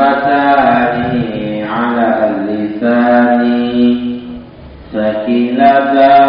فتاني على لساني فكلتا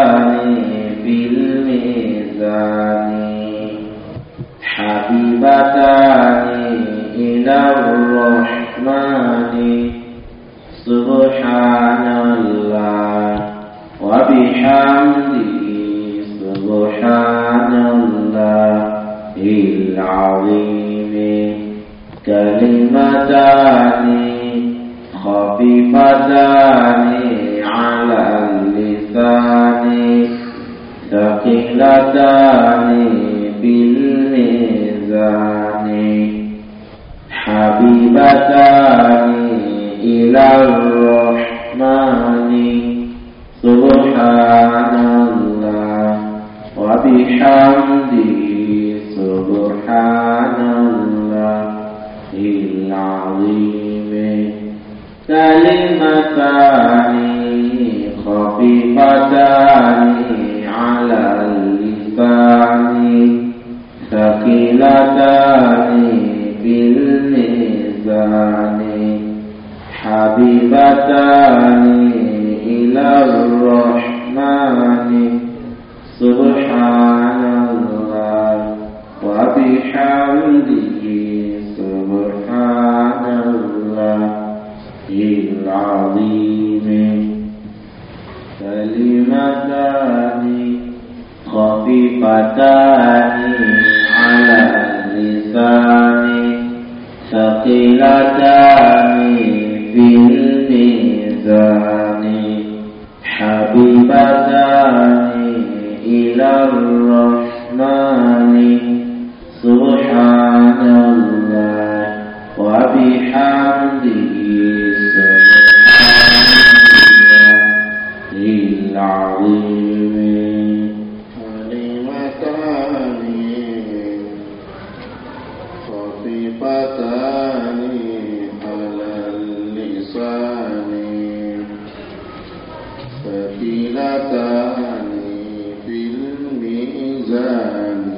زاني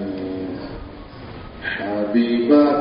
حبيبا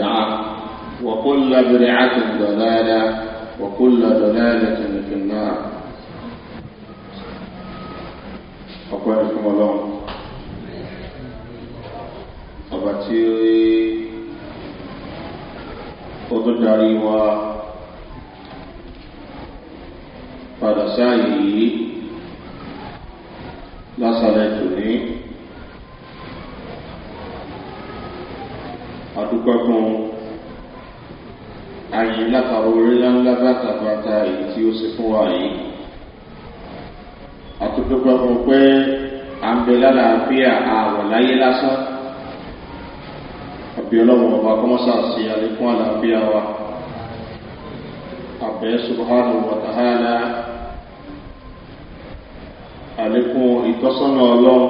بدعة وكل بدعة ضلالة وكل ضلالة في النار ọpọ ẹni fún ọlọrun ọba tí ó tó darí wa padà sáàyè yìí lásàlẹ̀ tòní. dúpẹ́ fún ayé látara orílẹ̀ ńlá bàtàbàtà èyí tí ó sì fún wa yìí. àtúndúpẹ́ fún pé à ń bẹ lálàáfíà àwọ̀ láyé lásán. àbí ọlọ́run ọba kọ́mọ́sà sí àlékún àlàáfíà wa. àbẹ̀ subahana wàtàhálà àlékún ìtọ́sọ́nà ọlọ́run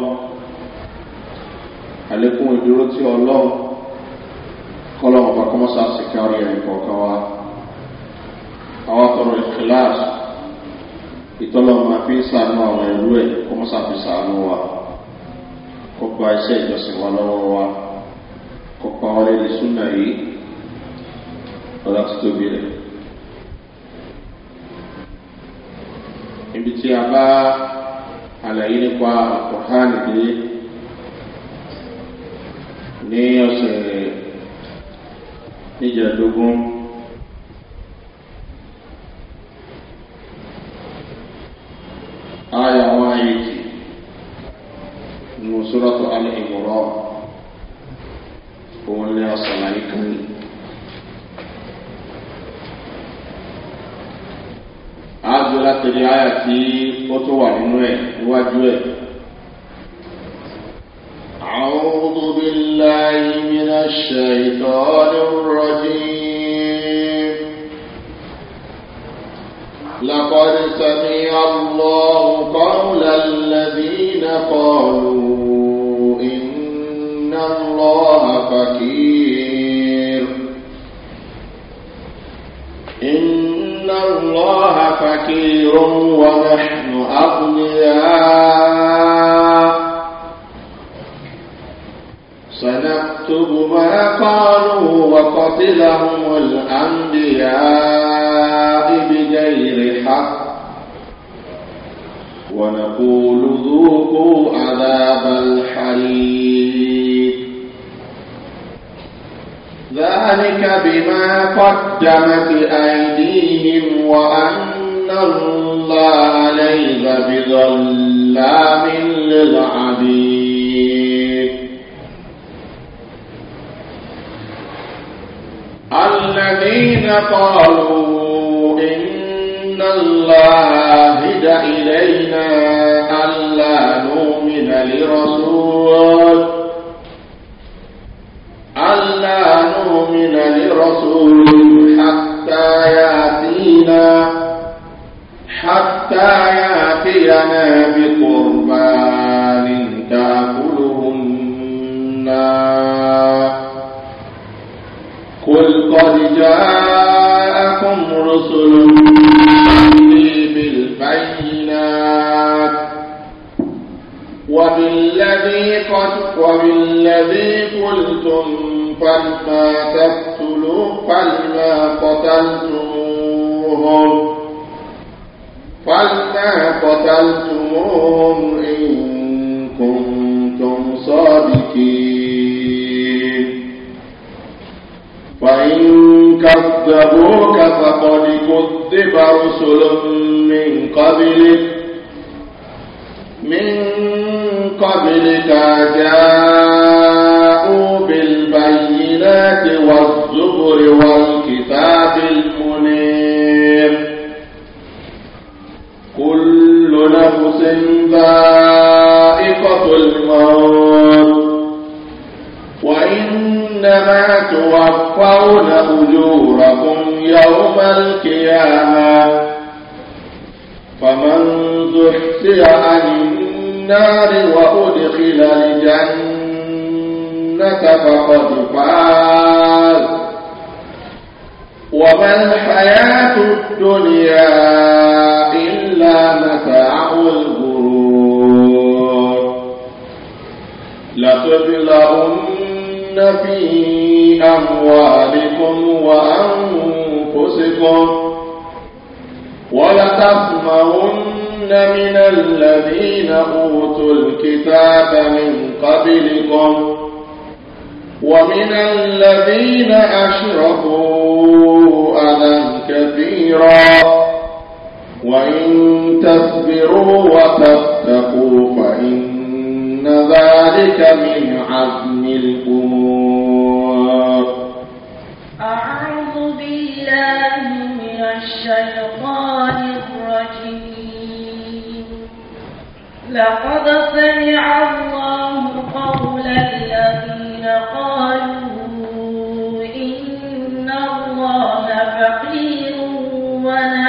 àlékún ìdúró tí ọlọ́run. ọmọọsà sèkárì ẹ̀rìn kọ̀ọ̀kan wa àwọn àtọ̀rọ̀ ìkìláàsì ìtọ́lọ́mọ fi ń sàánú àwọn ẹ̀rú ẹ̀ ọmọọsà fi sàánú wa kó gba iṣẹ́ ìjọsìn wa lọ́wọ́ wa kó pa wọn lé ní súnà yìí lọ́dá tó tóbi rẹ̀. ibi tí a bá àlàyé nípa ọ̀hánì dé ní ọ̀sẹ̀ rẹ̀. níjẹ̀dógún ayà wọn ayéjì nù sóràtọ̀ alẹ́ ìmọ̀ràn òun ní asàlàyé kan a àjọ láti rí ayà tí otu tó wà بالله من الشيطان الرجيم لقد سمع الله قول الذين قالوا إن الله فقير إن الله فقير ونحن أغنياء قاتلهم الأنبياء بغير حق ونقول ذوقوا عذاب الحريق ذلك بما قدمت أيديهم وأن الله ليس بظلام للعبيد الذين قالوا إن الله هدى إلينا ألا نؤمن لرسول ألا نؤمن لرسول حتى يأتينا حتى يأتينا بقرب قل قد جاءكم رسل بالبينات وبالذي قد وبالذي قلتم فلما تقتلوا فلما قتلتموهم فلما قتلتموهم إن كنتم صادقين كذبوك فقد كذب رسل من قبلك من قبلك جاءوا بالبينات والزبر والكتاب المنير كل نفس ذائقة الموت وإن إنما توفون أجوركم يوم القيامة فمن زحزح عن النار وأدخل الجنة فقد فاز وما الحياة الدنيا إلا متاع الغرور لتبلغن في أموالكم وأنفسكم ولتسمعن من الذين أوتوا الكتاب من قبلكم ومن الذين أشركوا أذى كثيرا وإن تصبروا وتتقوا فإن إن ذلك من عزم الأمور أعوذ بالله من الشيطان الرجيم لقد سمع الله قول الذين قالوا إن الله فقير ولا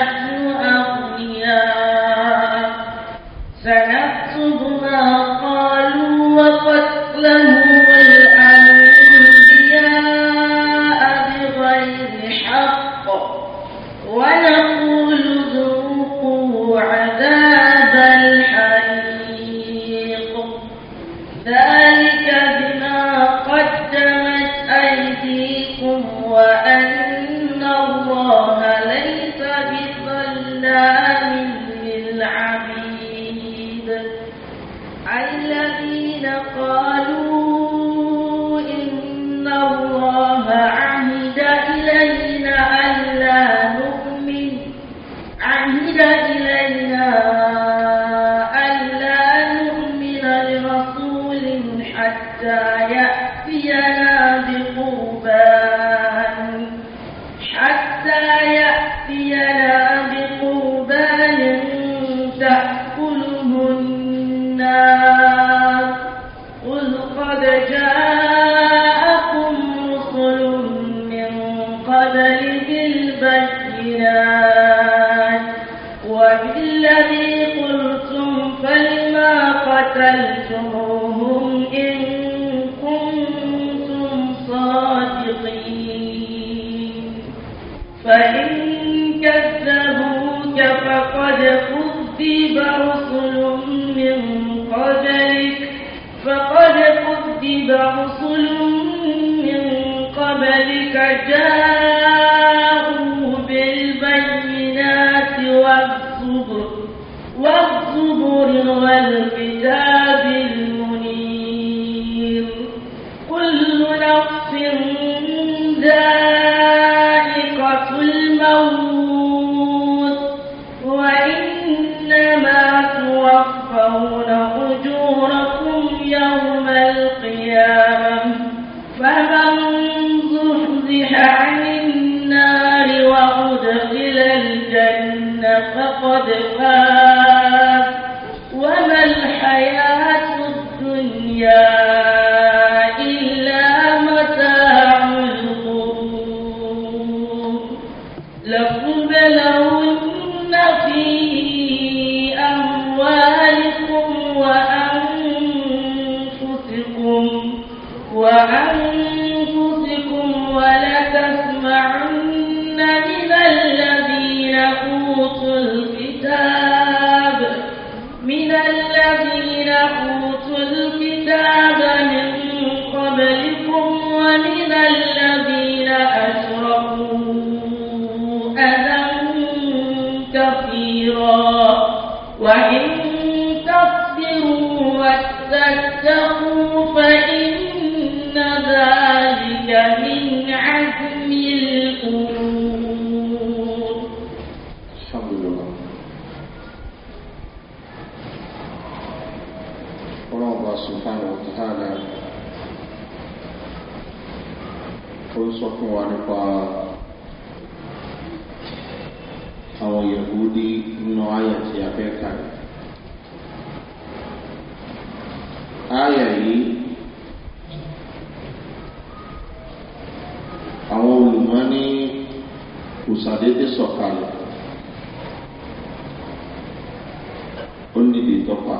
ó níbi ìtọ́pa.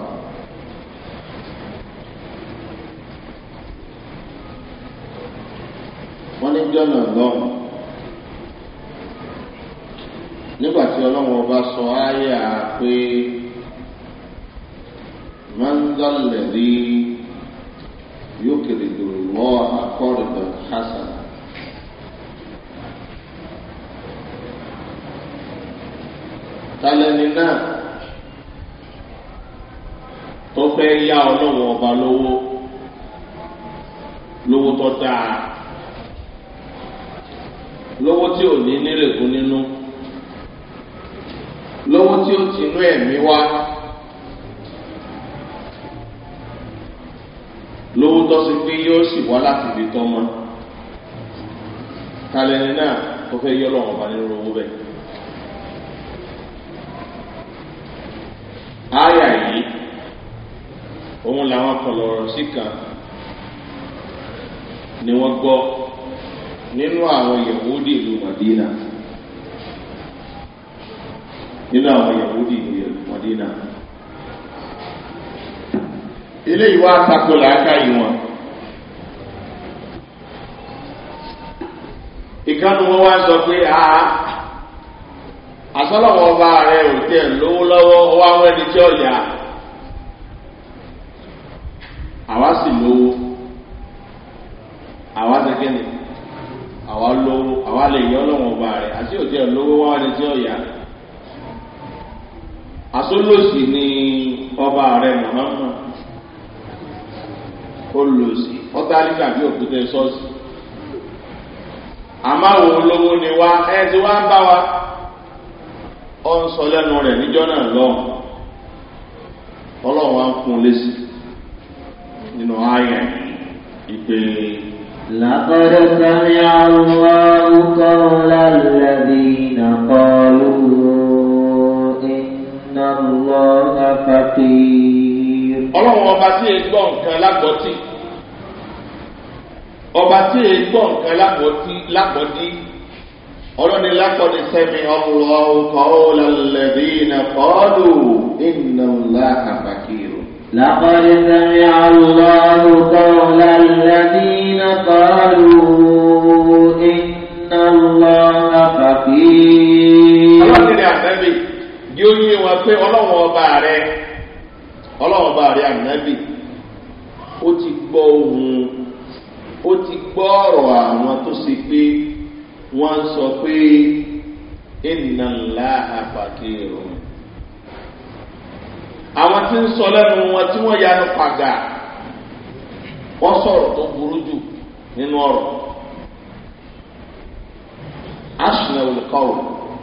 wọ́n ní jọ́nà lọ́wọ́ nígbà tí ọlọ́run ọba sọ ayé à pé mọ́ńdọ́lẹ̀dì yóò kéré dòrò lọ́ akọ́rẹ̀dọ̀ hasan. tálẹ́ni náà. fẹ́ yá ọlọ́wọ́ ọba lówó lówó tó dáa lówó tí ò ní nírèkún nínú lówó tí ó ti inú ẹ̀mí wá lówó tó ṣe pé yóò sì wá láti ibi tọ́ mọ́ kálẹ̀ ní náà tó fẹ́ yọ́ lọ́wọ́ ọba nínú owó bẹ́ẹ̀. òun làwọn kan lọ̀rọ̀ sí kan ni wọ́n gbọ́ nínú àwọn yahudi ìlú madina nínú àwọn yahudi ìlú madina ilé ìwà àtakò làákà yìí wọn. ìkànnì wọn wá sọ pé a àsọlọ́wọ́ ọba rẹ̀ ò tẹ̀ lówó lọ́wọ́ ọwọ́ àwọn ẹni tí ó yà á. sì lówó àwa tẹ́kẹ́ ni àwa lówó àwa lè yọ ọlọ́wọ́n ọba rẹ̀ àti òtí ẹ̀ lówó wá wọlé tí ó yà. àsólòsì ni ọba rẹ̀ mọ̀nàmọ́ olùsì ọ̀tálíkà bí òkúta ṣọ́ọ̀ṣì àmọ́ àwọn olówó ni wá ẹ ti wá ń bá wa ọ ń sọ lẹ́nu rẹ̀ níjọ́ náà lọ́wọ́ ọlọ́run á ń fún un lésì nínú ayẹ ìpè. لقد سمع الله قول الذين قالوا إن الله فقير ọlọ́run ọba tí e gbọ́ nǹkan lágbọ́tì ọba tí e gbọ́ nǹkan lágbọ́tì lágbọ́dí ọlọ́ni lákọ̀ọ́dì sẹ́mi ọlọ́run kọ́ ọ́ lẹ́lẹ́dínà kọ́ọ́dù ìnáwó láàkàfàkìr. لقد سمع الله قول الذين قالوا إن الله فقير ọlọ́run ó ti gbọ́ ọ̀rọ̀ àwọn tó ṣe pé wọ́n sọ àwọn tí ń sọ lẹ́nu wọn tí wọ́n yanu pàgà wọ́n sọ̀rọ̀ tó burú jù nínú ọ̀rọ̀ aṣùnà olùkọ́rò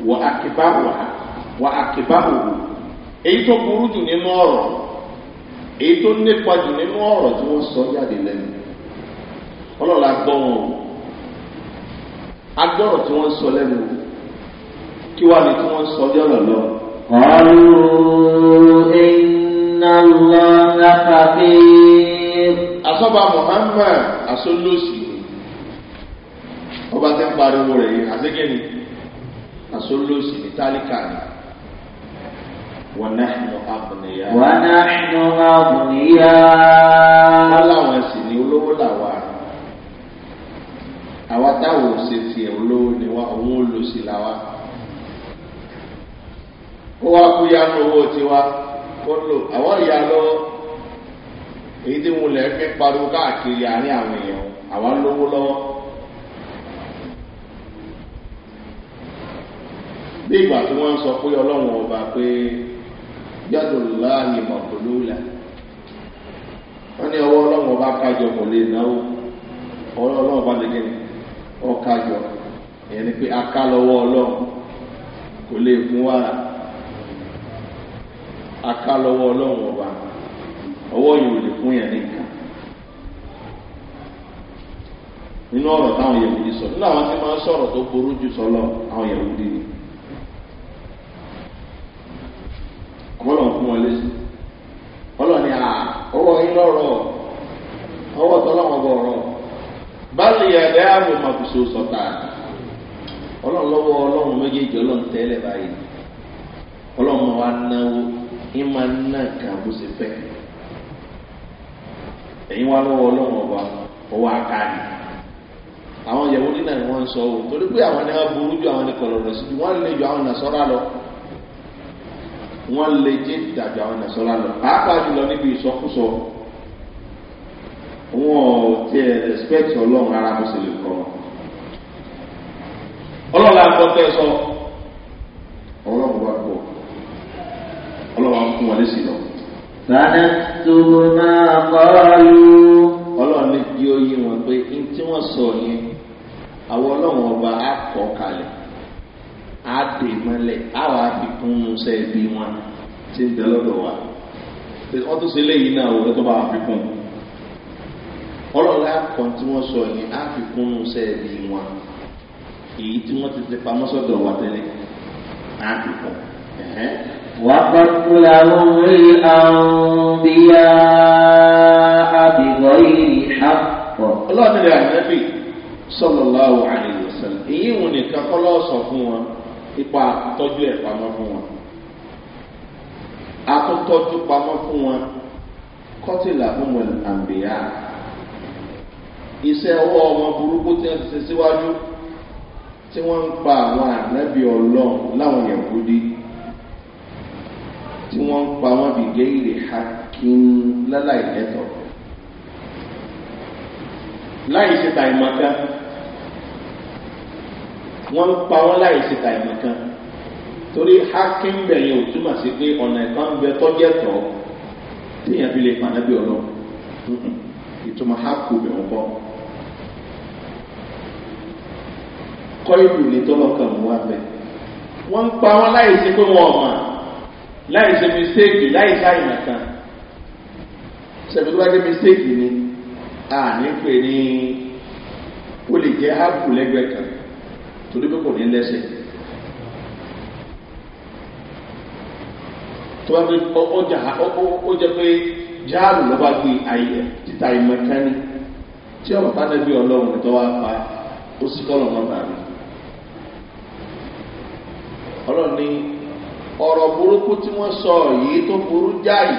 wọ àkìbáwò wọ àkìbáwò èyí tó burú jù nínú ọ̀rọ̀ èyí tó nípa jù nínú ọ̀rọ̀ tí wọ́n sọ jáde lẹ́nu ọlọ́la gbọ́ wọn o agbọ́rọ̀ tí wọ́n sọ lẹ́nu kí wàá ní tí wọ́n sọ jọ̀rọ̀ lọ́wọ́. قالوا إن الله فقير أصبع محمد أصلوسي ọba tẹ ń pariwo rẹ yìí àtẹkẹni àsolóòsì ní tálíkà ni wọn náà nù abùnìyà. wọn náà nù abùnìyà. wọn làwọn sì olówó làwà àwa táwọn ò ṣe tiẹ̀ olówó ni wa òun ò lò sí làwa. kó wá kú yánú owó tiwa kó lò àwọn ìyá lọ́wọ́ èyí tí wọn lè fi pariwo káàkiri àárín àwọn èèyàn àwọn lówó lọ́wọ́. bí ìgbà tí wọ́n ń sọ pé ọlọ́run ọba pé láàyè wọn ní ọwọ́ ọlọ́run ọba kájọ kò lè náwó ọwọ́ ọlọ́run ọba lè gẹ́ni ọkájọ ìyẹn ni pé aká lọ́wọ́ ọlọ́run fún wàrà. aka lọwọ ọlọ́run ọba ọwọ yìí ò lè fún yẹn nìkan nínú ọ̀rọ̀ táwọn yẹ̀wùdí sọ nínú àwọn tí máa ń tó burú jù sọlọ àwọn yẹ̀wùdí ni ọlọ́run fún wọn lẹ́sìn ọlọ́run ni ọwọ́ yín ọwọ báàlì méjèèjì báyìí wa náwó ìmọ̀ nna nke bó ṣe fẹ́ ẹ̀yin ọlọrọ ọba ọwọ́ àwọn ìyàwó nínà ni wọ́n sọ ọ́ torí pé àwọn ni burú ju àwọn ni kọlọ̀rọ̀ sí ju lè ju àwọn lọ wọ́n lè jẹ́ ìdàjọ àwọn nàṣọ́rà lọ pàápàá jùlọ níbi ìsọkúsọ wọn ò tiẹ̀ respect sanẹ́tùmù máa kọ́ọ̀lù. ọlọ́run lè di oyè wọn pé n tí wọ́n sọ yẹn àwọn ọlọ́run ọba á kọ́ kalẹ̀ á dè mọ́lẹ̀ á wà á fi kún un sẹ́ wọn tí ń bẹ wa. wọ́n tún ṣe wọn èyí tí wọ́n ti ti pamọ́ sọ́dọ̀ وقتلهم الأنبياء بغير حق الله من النبي صلى الله عليه وسلم èyí wọn nìkan kọ́ lọ́ọ́ sọ fún wọn ipa àtọ́jú ẹ̀ pamọ́ fún wọn àtúntọ́jú pamọ́ fún wọn kọ́tìlà fún wọn àǹbíyá iṣẹ́ ọwọ́ ọmọ burúkú tí wọ́n ti ṣe síwájú tí wọ́n ń pa àwọn ànábì ọlọ́run láwọn yẹn kú dí tí wọ́n ń pa wọ́n dìde ìrè hakim láláì lẹ́tọ̀ láì ṣe ta ìmọ̀ kan wọ́n ń pa wọ́n láì ṣe ta ìmọ̀ kan torí hakim bẹ̀yẹn ò túmọ̀ sí pé ọ̀nà ìkan ń bẹ tọ́jẹ́ tọ̀ téèyàn fi lè pàdé bí ọ̀nà ìtumọ̀ haku bẹ̀rù kọ́ kọ́ ìlú ní tọ́lọ́kàn wà bẹ́ẹ̀ wọ́n ń pa wọ́n láì ṣe pé wọ́n ọ̀ lai ṣe mistake lai ṣàyìnà kan tó bá ni a ní pè ní o lè jẹ áàpù lẹgbẹẹ kan torí pé kò ní lẹsẹ tó bá fi ọjà ó pé jáàlù ló bá gbé ayẹ títa ìmọ̀ tí ọ̀rọ̀ bá dẹ́bi ọlọ́run tó wá pa ó sì kọ́ ọ̀rọ̀ náà ọ̀rọ̀ burúkú tí wọ́n sọ yìí tó burú jáì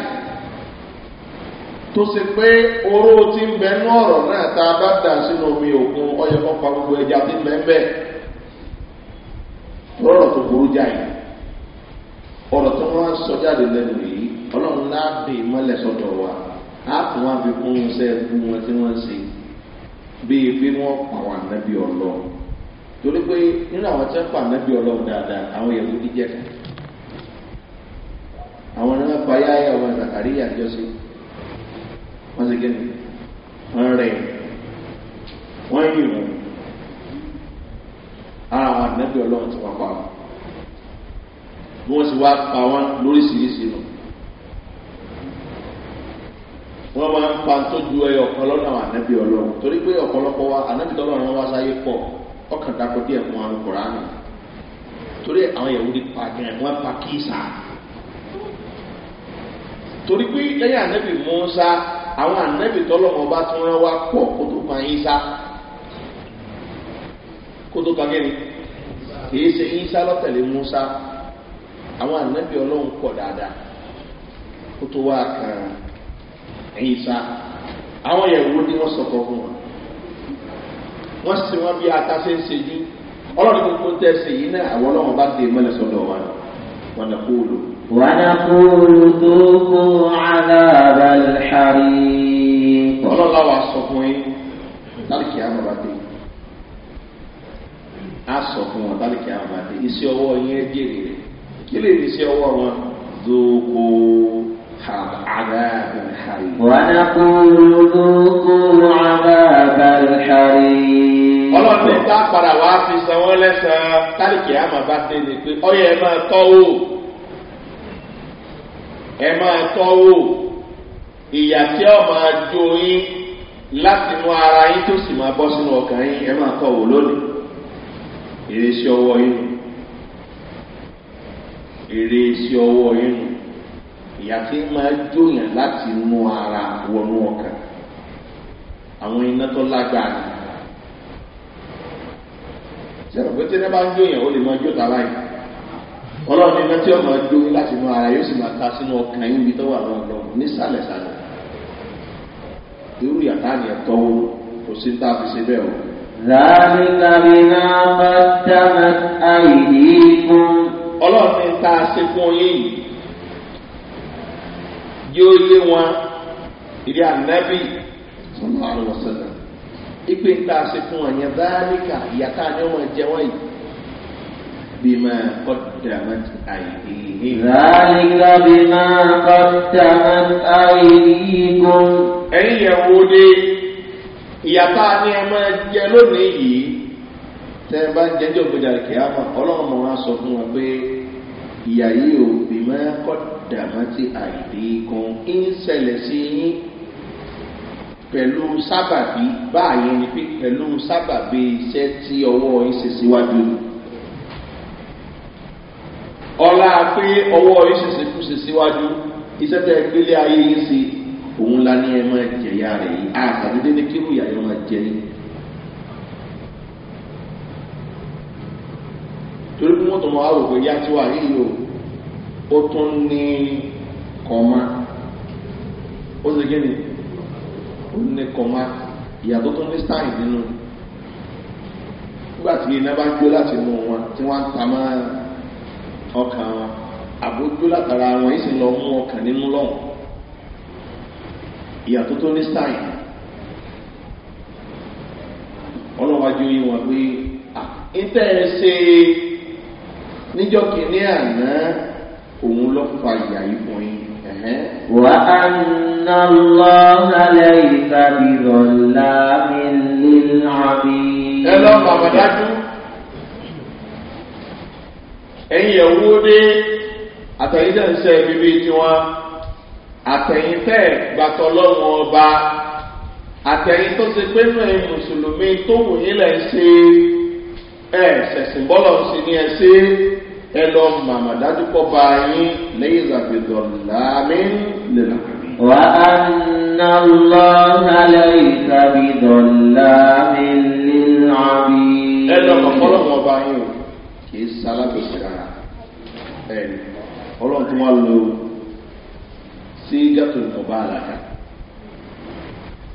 tó si pé oró ti ń bẹnú ọ̀rọ̀ náà tá a bá dà sínú omi òkun ọyẹ kọ́pa gbogbo ẹja tí ń ọrọ lọ́rọ̀ tó burú jáì ọ̀rọ̀ tó wọ́n sọ jáde lẹ́nu yìí ọlọ́run láàbì mọ́lẹ̀ sọ́dọ̀ wa á wọn tí wọ́n ṣe bíi bí wọ́n pa wà torí pé nínú àwọn tí wọ́n àwọn náà payá ìyàwó àtàkàríyà jọ́sí wọ́n ti gẹ́ni wọ́n rẹ̀ wọ́n yìí wọ́n ara àwọn àdínẹ́bí ọlọ́run ti wá pa wọn bí wọ́n ti wá pa wọn lóríṣiríṣi nù wọ́n máa ń pa tó ju ẹyọ ọ̀kan lọ́nà àwọn àdínẹ́bí ọlọ́run torí pé ọ̀pọ̀lọpọ̀ wa àdínẹ́bí ọlọ́run wọn wá sáyé pọ̀ ọkàn dákọ̀ díẹ̀ fún àwọn kòránù torí àwọn yẹ̀wò ní pa gẹ̀rẹ̀ wọ́n pa kí sáà torí pé lẹ́yìn ànábì musa àwọn ànábì tọ́lọ́mọ bá tún rán wá pọ̀ kó tó kan isa kó tó kan kẹ́ni kìí ṣe isa lọ́tẹ̀lé musa àwọn ànábì ọlọ́run pọ̀ dáadáa kó tó wá kan isa àwọn yẹ̀wò ni wọ́n sọ̀kọ̀ fún wọn wọ́n sì wọ́n bí atáṣe ń ṣejú ọlọ́run gbogbo tẹ̀sí yìí náà àwọn ọlọ́run bá dé mọ́lẹ̀ sọ́dọ̀ wọn wọn kó o lò ونقول ذوقوا عذاب الحريق ọlọ́lá wa sọ fún yín lálùkì àmàbàdé a sọ fún wọn lálùkì àmàbàdé iṣẹ́ ọwọ́ yín jèrè rẹ̀ kí lè ní iṣẹ́ ọwọ́ wọn ذوقوا عذاب الحريق ونقول ذوقوا عذاب الحريق ọlọ́run ní ká padà wá fi sanwó lẹ́sàn-án lálùkì àmàbàdé ni pé ọyẹ máa tọ́wọ́. ẹ máa tọ́wò ìyà tí ọ máa jó yín láti mú ara yín tó sì máa bọ́ sínú ọkàn yín ẹ máa tọ́wò lónìí èrè sí ọwọ́ yín èrè sí ọwọ́ yín ìyà tí láti mú ara wọnú ọkàn àwọn iná tó lágbára ṣe àpótí bá ń jó yàn ó lè máa jó ọlọ́run ní mẹ́tí ọmọ dúró láti inú ara yóò sì máa ta sínú ọkàn yín ibi tó wà lọ́wọ́ lọ́wọ́ nísàlẹ̀ sàlẹ̀ irú yàtá ni ẹ̀tọ́ wo kò sí tá a fi ṣe bẹ́ẹ̀ o. láàbìlàbì náà bá dáná àìní fún. ọlọ́run ní tá ṣe fún yín yóò yé wọn ìdí ànábì sọlá àlùwọ̀sẹ̀lẹ̀ ìpè tá a ṣe fún ọ̀yẹ́ báyìí ká ìyàtá ni wọ́n jẹ́ wọ́n yìí. بما قدمت أيديهم ذلك بما قدمت أيديكم أي يهودي ìyàtọ̀ ni ẹ máa jẹ lónìí yìí tẹ́ ẹ bá jẹjọ́ gbọdọ̀ kìámà ọlọ́run mọ̀ wá sọ fún wa pé ìyà yìí ò bí máa kọ́ dàmátì àìdí kan kí ń ṣẹlẹ̀ sí yín pẹ̀lú sábàbí báyìí ni pé pẹ̀lú sábàbí iṣẹ́ tí ọwọ́ yín ṣe síwájú yìí ọlá pé ọwọ́ ìṣẹ̀ṣẹ̀ kù sí síwájú iṣẹ́ tẹ gbélé ayé yín sí òun la ní ẹ máa jẹ̀yà rẹ̀ yìí àtàdédé ní kírú ìyá yẹn máa jẹ ní. torí bí wọ́n tó máa wò pé yá tí wà yìí o ó tún ní kọ́má ó sì gẹ́ni ó ní kọ́má ìyàtọ̀ tó ní stein nínú nígbà tí iná bá gbé láti mú wọn tí wọ́n á ta máa ọkàn wọn àbójú látara wọn yìí sì lọ mú ọkàn nínú lọ́wọ́ ìyàtọ̀ tó ní sáyìn ọlọ́wájú yìí wọ́n pé ìtẹ́ ẹ ṣe níjọ́ kìíní àná òun ló fa ìyá yìí fún yín. Wà á ná lọ sálẹ̀ ìtàbí lọ́la mi lè lábí. Ẹ lọ́ bàbá dájú ẹ̀yin ẹ̀wọ́ dé àtẹ̀yìn tẹ̀ ń sẹ́ bíbí tiwọn àtẹ̀yìn tẹ̀ gbàtọ̀ lọ́wọ́n ọba àtẹ̀yìn tó ti pé náà mùsùlùmí tó wù yín lẹ̀ ṣe ẹ̀ ṣẹ̀sìn bọ́lọ̀ sí ni ẹ ṣe ẹ lọ màmá dájú kọ́ bá yín lẹ́yìn ìzàgbẹ̀dọ̀ làmí lẹ́la. wà á ná lọ sálẹ̀ ìzàgbẹ̀dọ̀ làmí lẹ́la mi. ẹ lọ mọ̀ bọ́lọ̀ wọn bá yín o sálábòsí rárá ẹni ọlọ́run tí wọ́n lo sí gàtò ìkọ̀bá àlàkà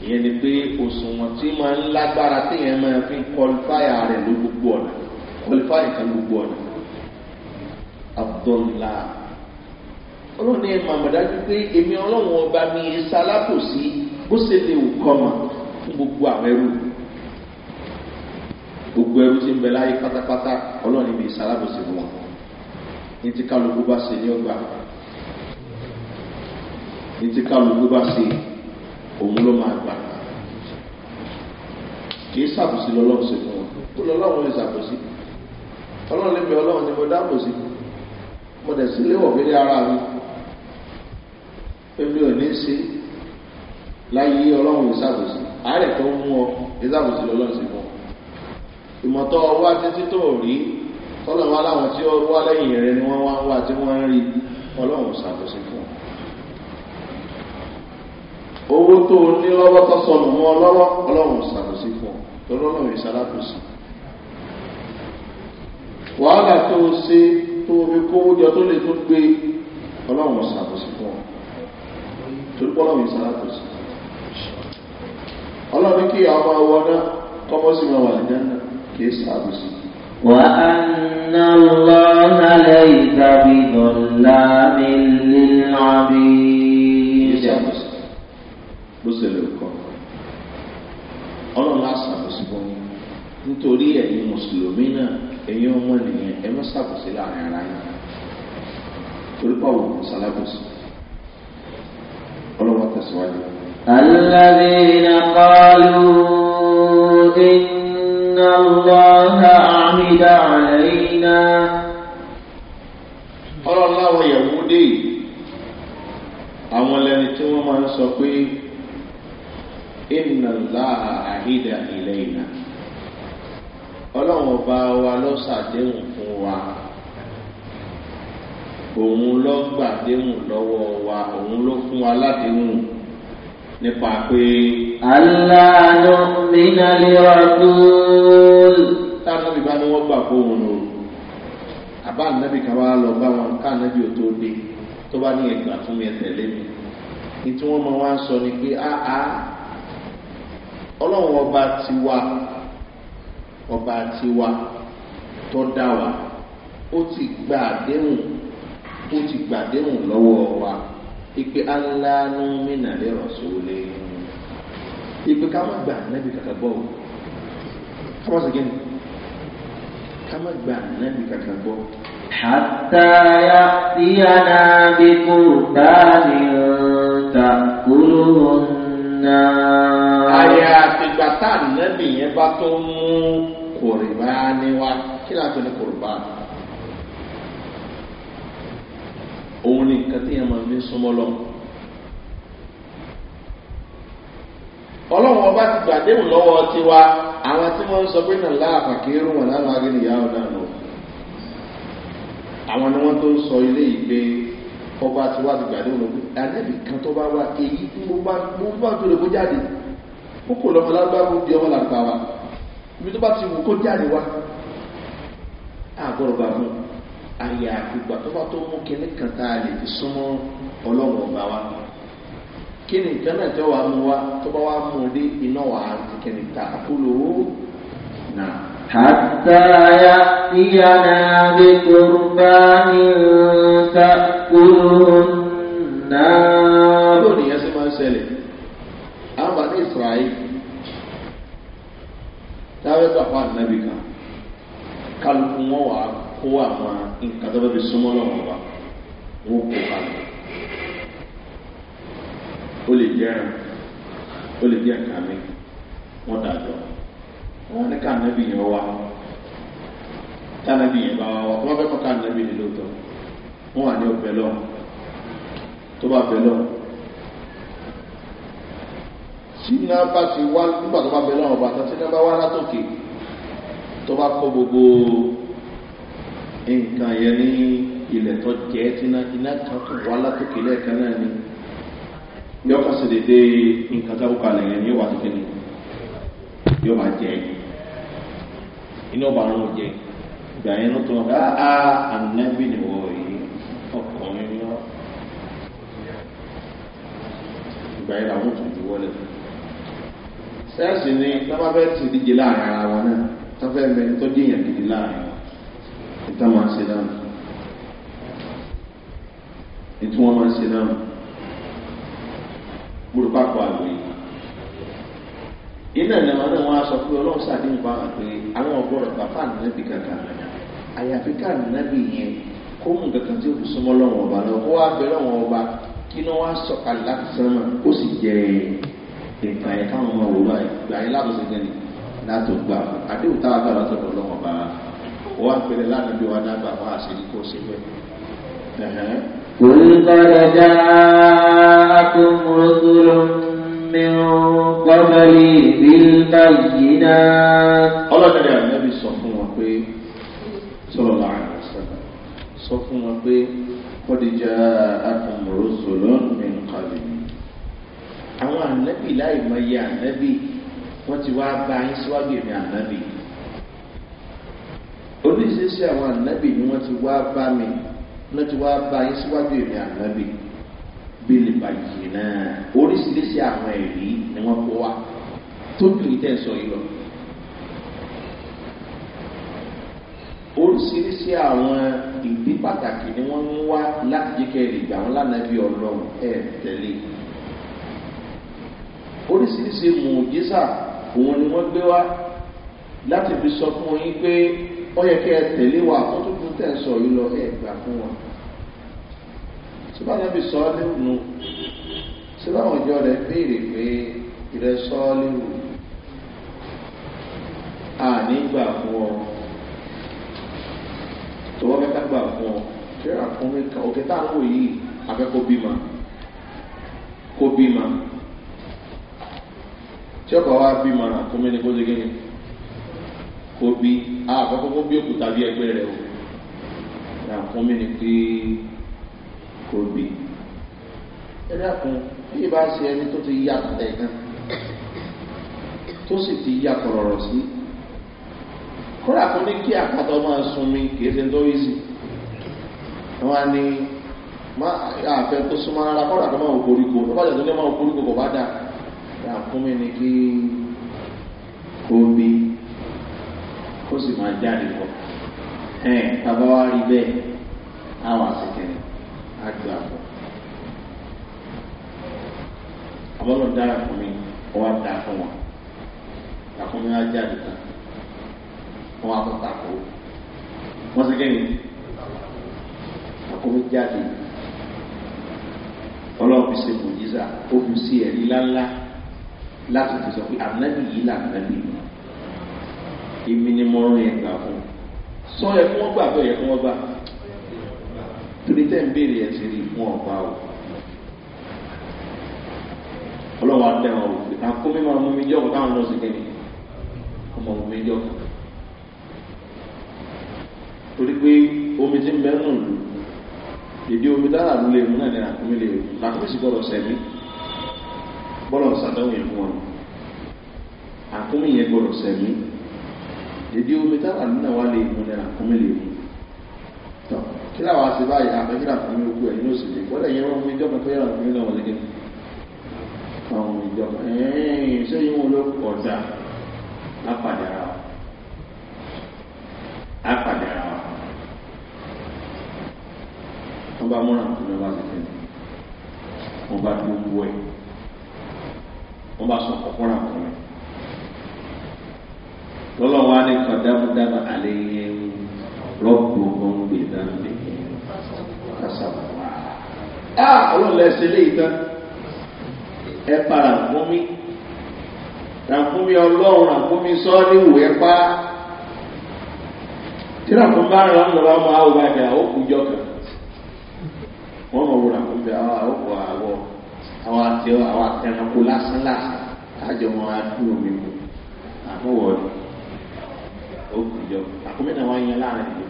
ìyẹn ni pé òṣùwọ̀n tí máa ń lágbára téèyàn máa fi kọlifáyà rẹ̀ ló gbogbo ọ̀nà kọlifáyà kan ló gbogbo ọ̀nà abdullá ọlọ́run ní màmúdájú pé èmi ọlọ́run ọba mi sálábòsí bó ṣe lè kọ́ mà fún gbogbo àwọn ẹrú mi gbogbo ẹrú tí ń bẹ láyé pátápátá ọlọ́run níbi ìsalábòsí fún wọn ní tí kálukú bá ṣe ní ọgbà ní tí kálukú bá ṣe òun ló máa gbà kì í ṣàbòsí lọ́lọ́run ṣe fún wọn kó lọ́lọ́run lè ṣàbòsí ọlọ́run níbi ọlọ́run ni mo dábòsí mo dẹ̀ sí léwọ̀ pé ara mi pé mi ò ní ṣe láyé ọlọ́run ìṣàbòsí àárẹ̀ tó ń mú ọ ìṣàbòsí lọ́lọ́run ṣe fún ìmọ̀tọ́ wá títí tó rí tọ́lọ̀ wá láwọn tí ó wá lẹ́yìn rẹ̀ ni wọ́n wá ń wá tí wọ́n ń rí ọlọ́run ṣàkóso fún wọn. owó tó ní lọ́wọ́ tó sọnù mọ́ ọlọ́wọ́ ọlọ́run ṣàkóso fún wọn tọ́lọ́ náà yìí ṣalákòóso. wàhálà tó o ṣe tó o fi kówó jọ tó lè tó gbé ọlọ́run ṣàkóso fún wọn torí pọ́lọ́ yìí ṣalákòóso. ọlọ́run kí àwọn ọwọ́ náà kọ́mọ́sí wọn wà ní dáná kì í ṣàbùsì. wà á ná lọ nálẹ̀ ìtàbí dọ̀là mi lílábí. kì í ṣàbùsì bó ṣe lè kọ́ ọlọ́run á ṣàbùsì fún mi nítorí ẹ̀yin mùsùlùmí náà ẹ̀yin ọmọ nìyẹn ẹ má ṣàbùsì láàrin ara yín torí pàwọn ṣàlábùsì ọlọ́run á tẹ̀síwájú. الذين قالوا ọlọ́run láwọn yẹ̀wò dé àwọn lẹni tí wọ́n máa ń sọ pé ìnàlá àhídà ilẹ̀ ìnà ọlọ́run ọba wa ló ṣàdéhùn fún wa òun ló gbàdéhùn lọ́wọ́ wa òun ló fún wa ládéhùn nípa pé. aláàánú mi náà lè rà dúró. táwọn ìbánu wọn gbà fóun àbá ànábì kan wá lọ bá wọn ká ànábì ò tó dé tó bá ní ẹgbà fún mi ẹtẹ̀lé mi ní tí wọ́n máa wá ń sọ ni pé áá ọlọ́run ọba ti wá ọba ti wá tó dá wa ó ti gba àdéhùn ó ti gba àdéhùn lọ́wọ́ wa ipe alánú mínàlẹ́ ọ̀ṣọ́lẹ̀ ipe ká má gba ànábì kankan gbọ́ o ká má sọ ká má gba ànábì kankan gbọ́. àtàyà tí ànábì kò bá ní ọ̀tà kúrò náà. àyà àtìgbà tá ànábì yẹn bá tó mú kòrìbá ní wa kí láti ní kòrìbá. òun ni nǹkan tí yẹn lọ́wọ́. ọlọ́run ọba ti gbàdéhùn lọ́wọ́ tiwa àwọn tí wọ́n ń sọ pé nàlá àpàkérò wọn láwọn agẹnìyà ọ̀dà lọ. àwọn ni wọ́n tó ń sọ ilé ìgbé ọba tiwa ti gbàdéhùn lọ́wọ́ ànábì kan tó bá wà èyí tí mo bá mo bá tó lè kó jáde ó kò lọ́mọ lágbàgbọ́ di ọmọ làgbà wa ibi tó bá ti wù kó jáde wa àgọ́rọ̀ bá mú àyà àgbègbà tó bá tó mú kinní kan tá a lè fi súnmọ́ ọlọ́run ọba wa. Kini ni nǹkan náà jọ wà mú wa tó bá wà mú dé iná wà á ti kí ni ta kúlò nà. حتى يأتينا بقربان تأكله النار. lónìí yẹn sì máa ń ṣẹlẹ̀ àwọn bàbá israẹli táwọn ẹgbẹ́ àpá ànábì kan kálukú wọn wà á kó àwọn nǹkan tó bá fi lọ́wọ́ wa wọ́n kó kálukú ó lè jẹ́ ẹran ó lè jẹ́ nǹkan mi wọ́n dàjọ́ wọ́n ní kànáàbì yẹn wá kànáàbì yẹn bá wá wọ́n fẹ́ kọ́ kànáàbì yẹn lóòótọ́ wọ́n wà ní ọ̀bẹ lọ́wọ́ tó bá bẹ lọ́wọ́ tí iná bá ti wá nígbà tó bá bẹ lọ́wọ́ bàtà tí iná bá wá látòkè tó bá kọ́ gbogbo nǹkan yẹn ní ilẹ̀ tó jẹ́ tí iná kan tó wá látòkè lẹ́ẹ̀kan náà ni yóò kà sí dédé nǹkan tó kà lẹ́yìn ní wà kékeré yóò máa jẹ inú ọba àwọn òjẹ ìgbà yẹn ló tó wọn ká á ànábì ni wọ yìí ọkùnrin ni wọn ìgbà yẹn làwọn tún ti wọlé sẹ́ẹ̀sì ni tọ́ba fẹ́ ti díje láàrin ara wa náà tọ́ba fẹ́ mẹ́ni tó díyàn gidi láàrin wa ìtàn máa ń ṣe náà ìtún máa ń ṣe náà gbòòrò papọ̀ àgbè iná ni àwọn náà wọn aṣọ pé ọlọ́run sàdéhùn bá wà pé àwọn ọgbọ́n ọ̀gbà fáànù náà bí kankan àyàfi káàdì náà bí yẹn kó mú kankan tí ó fi súnmọ́ lọ́wọ́ ọba náà kó wá bẹ lọ́wọ́ ọba kí ni wọ́n á sọ aláàtì sánmà ó sì jẹ ìgbà yẹn káwọn ọmọ wò báyìí gbà yẹn láàbò sí gẹ́ni látò gbà àdéhùn táwa gbà látò lọ lọ́wọ́ ọba wọ́n á lánàá bí wọ́n قل قد جاءكم رسل من قبلي بالبينات ọlọ́dẹ̀dẹ̀ ànábì sọ fún wọn pé sọ̀rọ̀ láàrin ọ̀sẹ̀lẹ̀ sọ fún wọn pé kọ́díjà àtàmọ̀rọ̀ zolónì nǹkanlẹ̀ àwọn ànábì láì mọye ànábì wọ́n ti wá bá yín síwájú èmi ànábì oríṣiríṣi àwọn ànábì ni wọ́n ti wá bá mi náà ti wá bá yín síwájú èmi ànábì bíi bàjì náà oríṣiríṣi àwọn ẹ̀rí ni wọ́n kó wa tó ju ìtẹ̀sọ̀ yìí lọ. oríṣiríṣi àwọn ìdí pàtàkì ni wọ́n ń wá láti jẹ́ kẹ́rì ìgbà wọn lánàbí ọlọ́run ẹ̀ tẹ̀lé. oríṣiríṣi mùjísà òun ni wọ́n gbé wá láti fi sọ fún yín pé ó yẹ kẹ́ ẹ tẹ̀lé wa fún tó tẹ̀ ń sọ yìí lọ ẹ̀ gbà fún wọn. sọ́bàá bí sọ́ọ́lì nù sọ́bàá ọjọ́ rẹ̀ béèrè pé ìrẹ́ sọ́ọ́lì nù àní gbà fún ọ tọwọ́ fẹ́ ká gbà fún ọ ṣé àkúnmí kan òkè tá à ń wò yìí afẹ́kọ́ bímọ kó bímọ tí ọkọ̀ wa bímọ àkúnmí ni kó ṣe kí ni kó bí àfẹ́kọ́ kó bí òkúta bí ẹgbẹ́ rẹ o ràkúnmí ni pé kò bì ẹ dákun bí ìbá ṣe ẹni tó ti yá tẹ̀ gan tó sì ti yá kọ̀rọ̀rọ̀ sí kódà fún ní kí àkàtọ̀ máa sun mi kì í ṣe tó yí sí wọn á ní àfẹ tó súnmọ́ ara kódà tó máa wò koríko tó bá jẹ́ tó lé máa wò koríko kò bá dà ràkúnmí ni kí kò bì kó sì máa jáde lọ ẹ tàbá wa rí bẹ́ẹ̀ àwọn àṣekẹ̀rẹ̀ àjò àpò àbọ̀lọ̀ dára fún mi ọwọ́ da fún wọn àfúnmi wa jáde tán wọn wá kọ́ta kó wọ́n ṣe kéde àkómi jáde ọlọ́ọ̀bí ṣe mòjísà ó fi sí ẹ̀rí ńláńlá láti fi sọ pé ànábì yìí là ń nàbì yìí èmi ni mo rìn ẹgbàá fún sọ yẹ kí wọ́n gbà bẹ́ẹ̀ yẹ kí wọ́n gbà torí tẹ́ ń béèrè ẹ̀ sí rí wọn ọ̀gbà o ọlọ́wọ́ adé wọn o àkó mi máa mú mi jọ́ ọ̀gá àwọn ọ̀sìn kẹ́ni ọmọ mú mi jọ́ torí pé omi ti ń bẹ́ nù lù dèdè omi dára ló lè mú náà ní àkó mi lè mú àkó mi sì gbọ́dọ̀ sẹ́mi bọ́lọ̀ sàdánwó yẹn fún wọn àkó mi yẹn gbọ́dọ̀ sẹ́mi dèdè omi táwọn nínú wa lè mú ní àkúnmí lè mú tọ kí làwọn àti báyìí àbẹ̀kí làkúnmí ogun ẹ̀yìn ó sì lè kọ́lẹ̀ yẹn wọ́n mú ìjọba tó yàrá òkúnmí náà wọlé gẹ́gẹ́ àwọn ìjọba ẹ̀ẹ́n ṣé yín wọn ló pọ̀ dá apàdé ara wa apàdé ara wa wọ́n bá múra kúnmí wọ́n bá ti fẹ́ wọ́n bá dúró wọ́ ẹ̀ wọ́n bá sọ kọ́kọ́rọ́ àkúnmí lọ́lọ́wọ́ á ní kọ̀dámúdámà àlẹ́yẹ rọ́pò gbọ̀ngbè dáńbé kásáwá. a ah, ọlọ́lẹ́sẹ̀ lè tán ẹ para fún mi ràǹfùmí ọlọ́run ràǹfùmí sọ́ọ́ni wò ẹ pa tí ràǹfùmí bá ràn lọ́wọ́ ọmọ àwòbàdà ó kù jọ kàn wọ́n mọ̀ wò ràǹfùmí àwọn àwọ̀ àwọ̀ àwọn àti àwọn àtẹnukú lásán lásán àjọmọ́ adúlómi kù ó kù jọ àkómi náà wá yan láàrin ìlú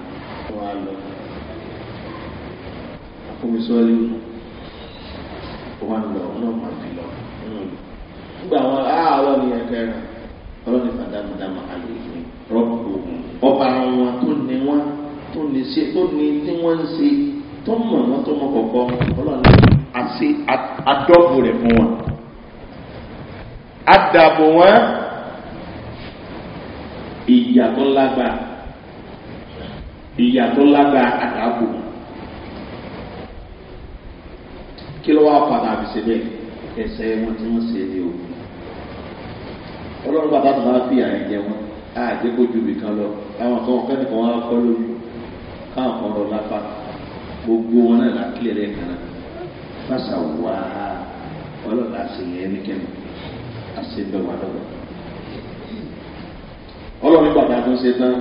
wọn wá lọ àkómi sọ́ọ́lì wọn lọ wọn náà máa fi lọ nígbà wọn àárọ̀ ní ẹgbẹ́rún ọlọ́ni fàdámàdámà àlòyìn rọ́pò ọba wọn tó ní wọn tó ní ṣe tó ní tí wọ́n ń ṣe tó mọ̀ wọn tó mọ̀ kọ̀kọ́ ọlọ́ni àti àdọ́bù rẹ̀ fún wọn. àdàbò wọn ìyà tó lágbà ìyà tó lágbà àdàbò kí ló wá padà àbísẹ́ bẹ́ẹ̀ ẹsẹ̀ wọn tí wọ́n ṣe ni o ọlọ́run bàbá tó máa fi àyìn jẹ wọn àjẹ́ kó ju ibìkan lọ àwọn kan ọ̀fẹ́ nìkan wọn á kọ́ lójú káwọn kan lọ lápá gbogbo wọn náà lákìlẹ̀ rẹ̀ kan náà ọlọ́run àṣeyẹ ẹnikẹ́ni àṣebẹ̀wà lọ́wọ́ ọlọ́run nígbà tá a tún ṣe tán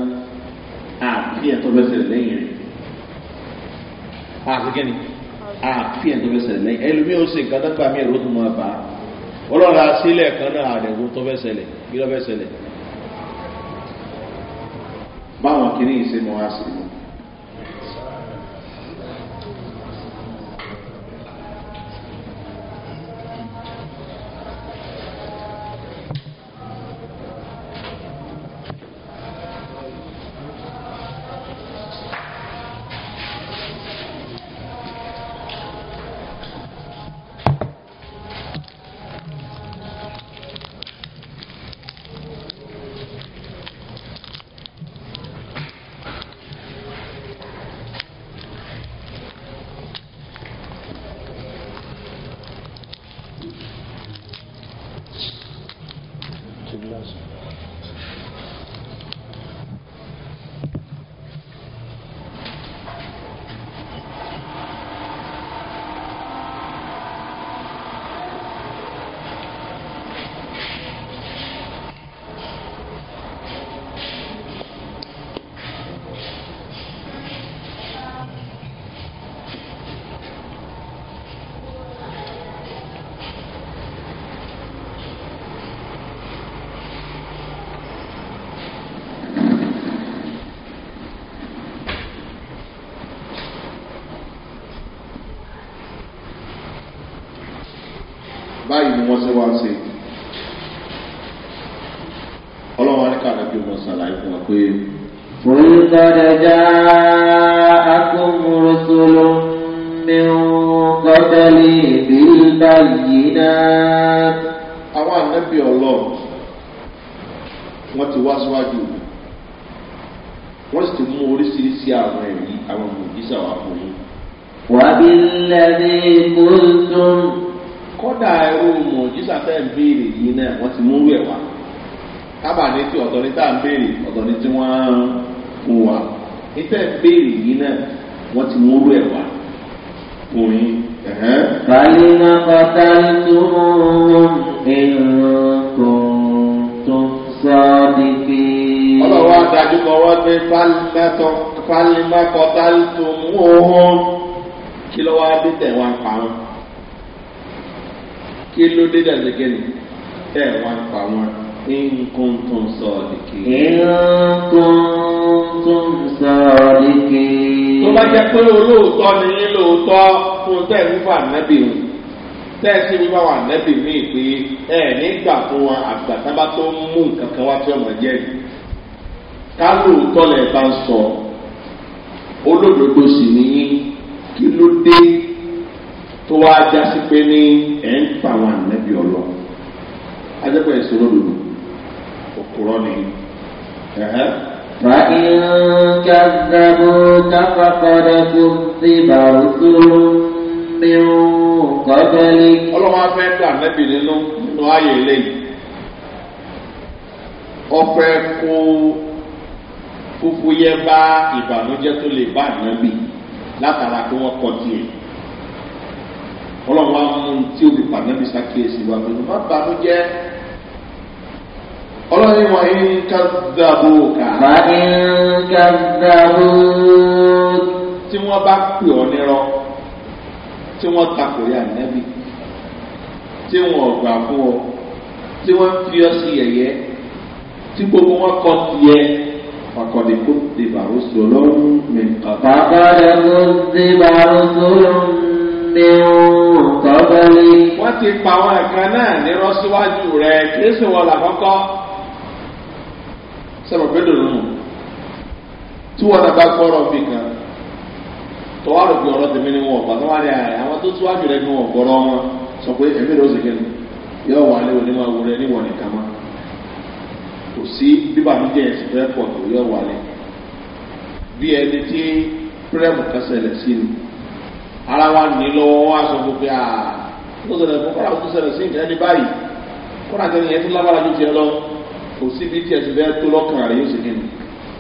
àfi ẹ̀ tó fẹ́ sẹ̀lẹ̀ lẹ́yìn rẹ̀ àfikẹ́ni àfi ẹ̀ tó fẹ́ sẹ̀lẹ̀ lẹ́yìn ẹlòmíì ó ṣe nǹkan tó gbà mí ẹ̀rọ tó máa bá ọlọ́run àṣìlẹ̀ kan náà àrẹ̀wò tó fẹ́ sẹ̀lẹ̀ kí ló fẹ́ sẹ̀lẹ̀ báwọn kìíní ìṣe mọ́ wá wọ́n ṣe wá ṣe ọlọ́wọ́n ní kàdàbí wọn ṣàlàyé fún wa pé. Fún ìtọ́jà tẹ̀ wá pa wọn kí ló dé dàbí gẹ́ni tẹ̀ wá pa wọn nǹkan tó ń sọ ọ̀dìkì. nǹkan tó ń sọ ọ̀dìkì. tó bá jẹ́ pé olóòótọ́ ni yín lóòótọ́ fún tẹ̀ wíwà nábì wọn tẹ́ẹ̀sì wíwá wà nẹ́bì mí pé ẹ nígbà fún wa àgbàtàbà tó ń mú nǹkan kan wá tí ọmọ jẹ́ yìí kálù tọ́lẹ̀ bá ń sọ olódodo sì níyí kí ló dé tó wá jásí pé ní ẹ̀ ń pa àwọn ànábì ọlọ ajẹ́pẹ́ ìṣòro lòlù òkúrọ́ ni. فإن كذبوك فقد كذب رسل من قبلك ọlọ́wọ́ afẹ́ dà nẹ́bì nínú nínú ayé eléyìí ọfẹ́ kó fúfú yẹ bá ìbànújẹ́ tó lè bá nẹ́bì látara kí wọ́n kọ́ tiẹ̀ ọlọ́run wa mú tí òbí pa náà bí sàkíyèsí wa pé má bàánú jẹ́ ọlọ́run wa yín kàdàbò kà. wà á yín kàdàbò. tí wọ́n bá pè ọ́ nírọ́ tí wọ́n takò ya nẹ́bí tí wọ́n gbà fún ọ tí wọ́n fi ọ sí yẹ̀yẹ́ tí gbogbo wọn kọ́ tiẹ̀ fakɔdi kó dèbà rúṣù lọ́rùn mi. bàbá rẹ̀ ló dèbà rúṣù lọ́rùn. من wọ́n ti pa àwọn nǹkan náà nírọ́ síwájú rẹ̀ kérésì wọn làkọ́kọ́ sọ̀rọ̀ pé dòdò tí wọn nàbà gbọ́rọ̀ fi kan tó wà ọ̀rọ̀ tèmi ni wọn ọ̀gbà tó wà ní ààrẹ àwọn tó síwájú rẹ̀ ni gbọ́rọ̀ wọn sọ pé èmi ló zèké ni yóò wà lé onímọ̀ awo rẹ̀ níwọ̀n nìkan mọ́ kò sí bíbà jẹ́ ẹ̀sìn ara wa ah, ní lọ́wọ́ wá sọ gbogbo à tó sọ̀rọ̀ fún kọ́ra tó sọ̀rọ̀ sí ìdáni báyìí kọ́ra tẹ̀lé yẹn tó lábára ju tiẹ̀ lọ kò sí bí tiẹ̀ ti fẹ́ tó lọ́kàn rẹ̀ yóò sì kí ni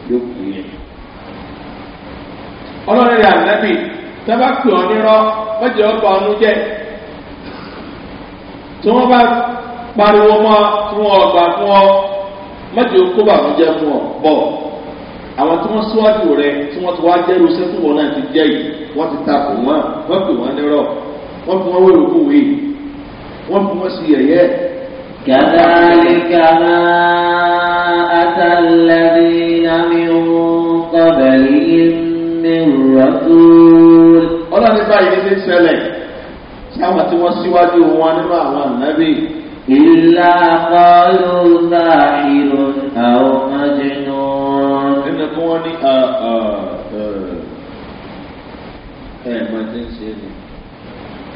yóò kú yẹn. ọlọ́run rẹ̀ ànábì tábà pè ọ́ nírọ́ ọjọ́ ọgbà ọ̀nù jẹ́ tí wọ́n bá pariwo mọ́ tí ọgbà fún ọ mọ́tò kó bàbá jẹ́ fún ọ bọ́ọ̀ àwọn tí wọ́n síwájú rẹ tí wọ́n ti wá jẹ́rú iṣẹ́ tí wọ́n náà ti jẹ́ yìí wọ́n ti ta kò wọ́n wọ́n pè wọ́n lérò wọ́n fi wọ́n wéèrò kó wéè wọ́n fi wọ́n sí yẹ̀yẹ́. kàdáríkà àtàlẹ́dínà mi ò kọ́bẹ̀lì mi ọlọ́ni báyìí ní sẹ́lẹ̀ sáwọn tí wọ́n síwájú wọn nínú àwọn ànábì. ìlà kọlù bá ìrò kan tí wọ́n ní uh, uh, uh, ẹ̀ẹ̀mọ tí ń ṣe ni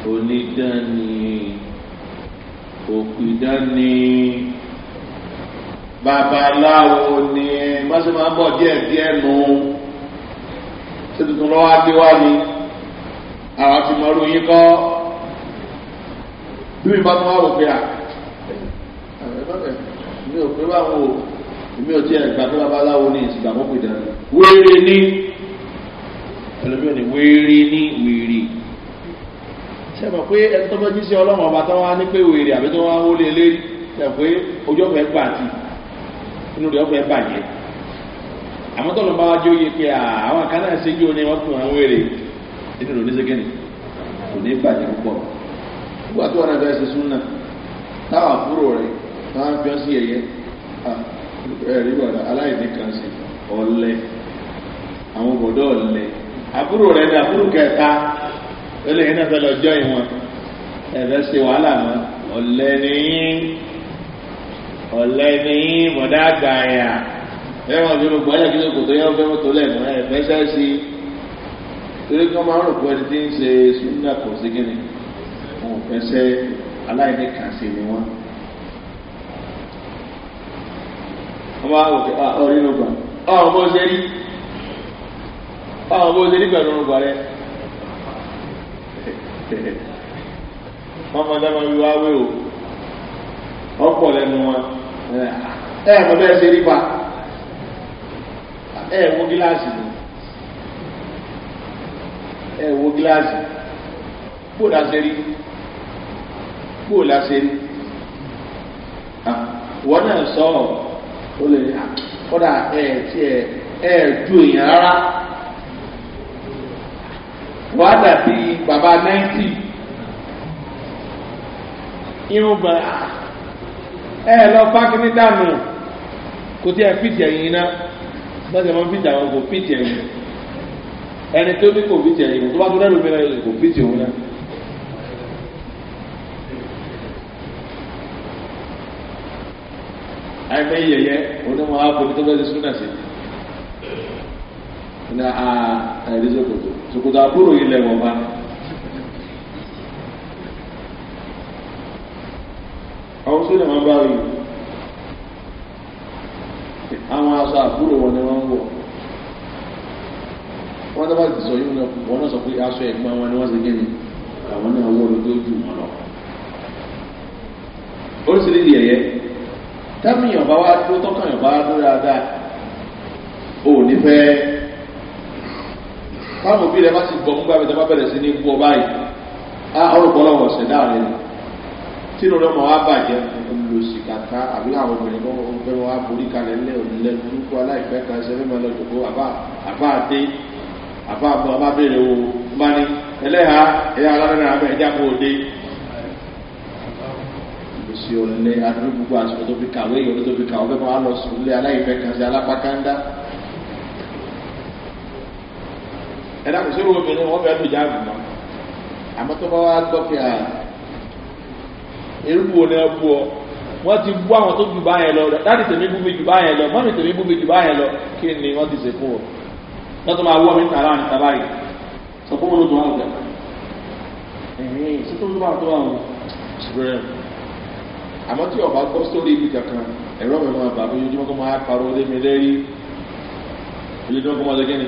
onídàáni òpìdání babaláwo ni bá ṣe máa ń bọ̀ díẹ̀ díẹ̀ nù ṣé tuntun lọ́wọ́ á dé wá ni àwọn ti mọ̀ lóyún kọ́ bí mi bá tún wá rò pé à mi ò pé báwo èmi ò tí ẹ̀ gbà pé babaláwo ní ìsìgbà mọ́ pè dànù wéèrè ní ẹlòmíràn ní wéèrè ní wéèrè ṣe mọ̀ pé ẹni tó bá jí sí ọlọ́run ọba tó wá ní pé wéèrè àbí tó wá ó lé lé ṣe pé ojú ọ̀fẹ́ gbà tì inú rẹ̀ ọ̀fẹ́ bàjẹ́ àmọ́ tó lọ bá wájú yé pé àwọn kan náà ṣe jó ní wọ́n fún àwọn wéèrè inú rẹ̀ oníṣẹ́gẹ́ni kò ní bàjẹ́ púpọ̀ nígbà tó náà fẹ́ ṣe ẹ̀rí wàdà aláìní kan sí ọ̀lẹ́ àwọn bọ̀dọ̀ ọ̀lẹ́ àbúrò rẹ̀ ní àbúrò kẹta eléyìí náà fẹ́ lọ jọ́ ìwọ̀n ẹ̀fẹ́ ṣe wàhálà mọ́ ọ̀lẹ́ ni yín ọ̀lẹ́ ni yín bọ̀dá àgbà ẹ̀yà ẹ̀wọ̀n mi ò gbọ́dọ̀ kí ló kò tó yẹ ọ̀fẹ́ mọ́tò lẹ́nu ẹ̀fẹ́ sẹ́ sí torí kí wọ́n máa rò pé ẹni tí ń ṣe súnmọ́ kò sí kíni wọn ò fẹ́ sẹ́ aláìní kan sí ni wọ́n. ọmọ àwòkẹ́ ah, ọ̀rẹ́ ló ah, ọ ọ̀rọ̀ bó ṣe rí ọ̀rọ̀ ah, ọ ṣe rí pẹ̀lú orúkọ rẹ wọ́n mọ̀ dáná wíwá wé o ọ lẹ́nu wọn ẹ̀ mọ̀ bẹ́ẹ̀ ṣe rí pa ẹ̀ mú gíláàsì ni ẹ̀ wo gíláàsì kó o láṣẹ rí kó o láṣẹ rí náà sọ ọ́. ó lè ní kọ́dà ẹ̀ tí ẹ̀ ẹ̀ ju èèyàn rárá wàá dàbí bàbá náìtì irun gbọ̀n ẹ lọ fákínní dànù kò tí ẹ fìtì ẹ̀yìn iná bọ́sẹ̀ máa ń fìtì àwọn kò fìtì ẹ̀yìn ẹni tó ní kò fìtì ẹ̀yìn kò tó bá tó dẹ́rù mi náà kò fìtì òun náà. àìfẹ́ yẹ̀yẹ́ onímọ̀ ààbòmí tó bẹ́ẹ̀ súnà sí ní àìrí sokoto sokoto àbúrò ilẹ̀ wọ̀n bá àwọn súnà máa bá rí àwọn aṣọ àbúrò wọn ni wọ́n ń wọ̀ wọ́n dábàá ti sọ yìí wọ́n wani sọ pé aṣọ ẹ̀gbọ́n wọn ni wọ́n ti gé ni àwọn náà lọ. tẹ́mi yàn bá wá dúró tọ́kàn yàn bá wá dúró dáadáa o ò ní fẹ́ fáwọn òbí rẹ bá ti gbọ́ nígbà mẹ́ta bá bẹ̀rẹ̀ sí ní gbọ́ báyìí á ọ̀rọ̀ bọ́lá wọ̀ ṣẹ̀ dáàrin ni tínú rẹ mọ̀ wá bàjẹ́ lò sí kàkà àbí làwọn obìnrin kọ́ ń fẹ́ wọn á borí kalẹ̀ ńlẹ̀ òlẹ̀ dúkú aláìfẹ́ kan ṣe fẹ́ máa lọ jòkó àbá àdé àbá àbá bèrè wo bá ní ẹlẹ́hàá ẹ̀yà alábẹ́rẹ́ àbẹ̀ ẹ̀já kó o dé sí olè adúlé gbogbo àsìkò tó fi kàwé ìyọ̀lẹ́ tó fi kàwé bẹ́ẹ̀ máa lọ sí olè aláìfẹ́ kan sí alápákándá. ẹ dàpọ̀ sí ìwé obìnrin wọ́n fẹ́ lù jáàbù mọ́ àmọ́ tó bá wá gbọ́ pé à erúgbó ni ẹ bú ọ wọ́n ti bú àwọn tó jù báyẹn lọ dáàdì tèmi bú mi jù báyẹn lọ mọ́mì tèmi bú mi jù báyẹn lọ kí ni wọ́n ti sèkú ọ lọ́tọ́ máa wọ́ mi tààrà ní tabáyì sọ fún wọn ló tó wà lọ́tọ́ ẹ̀hìn sí tó tó bá tó wà wọn àmọ́ tí ọba gbọ́ sórí ibi kankan ẹ̀rọ mi máa bà mí ojoojúmọ́ kó máa parọ́ lé mi lérí ojoojúmọ́ kó máa lé kíni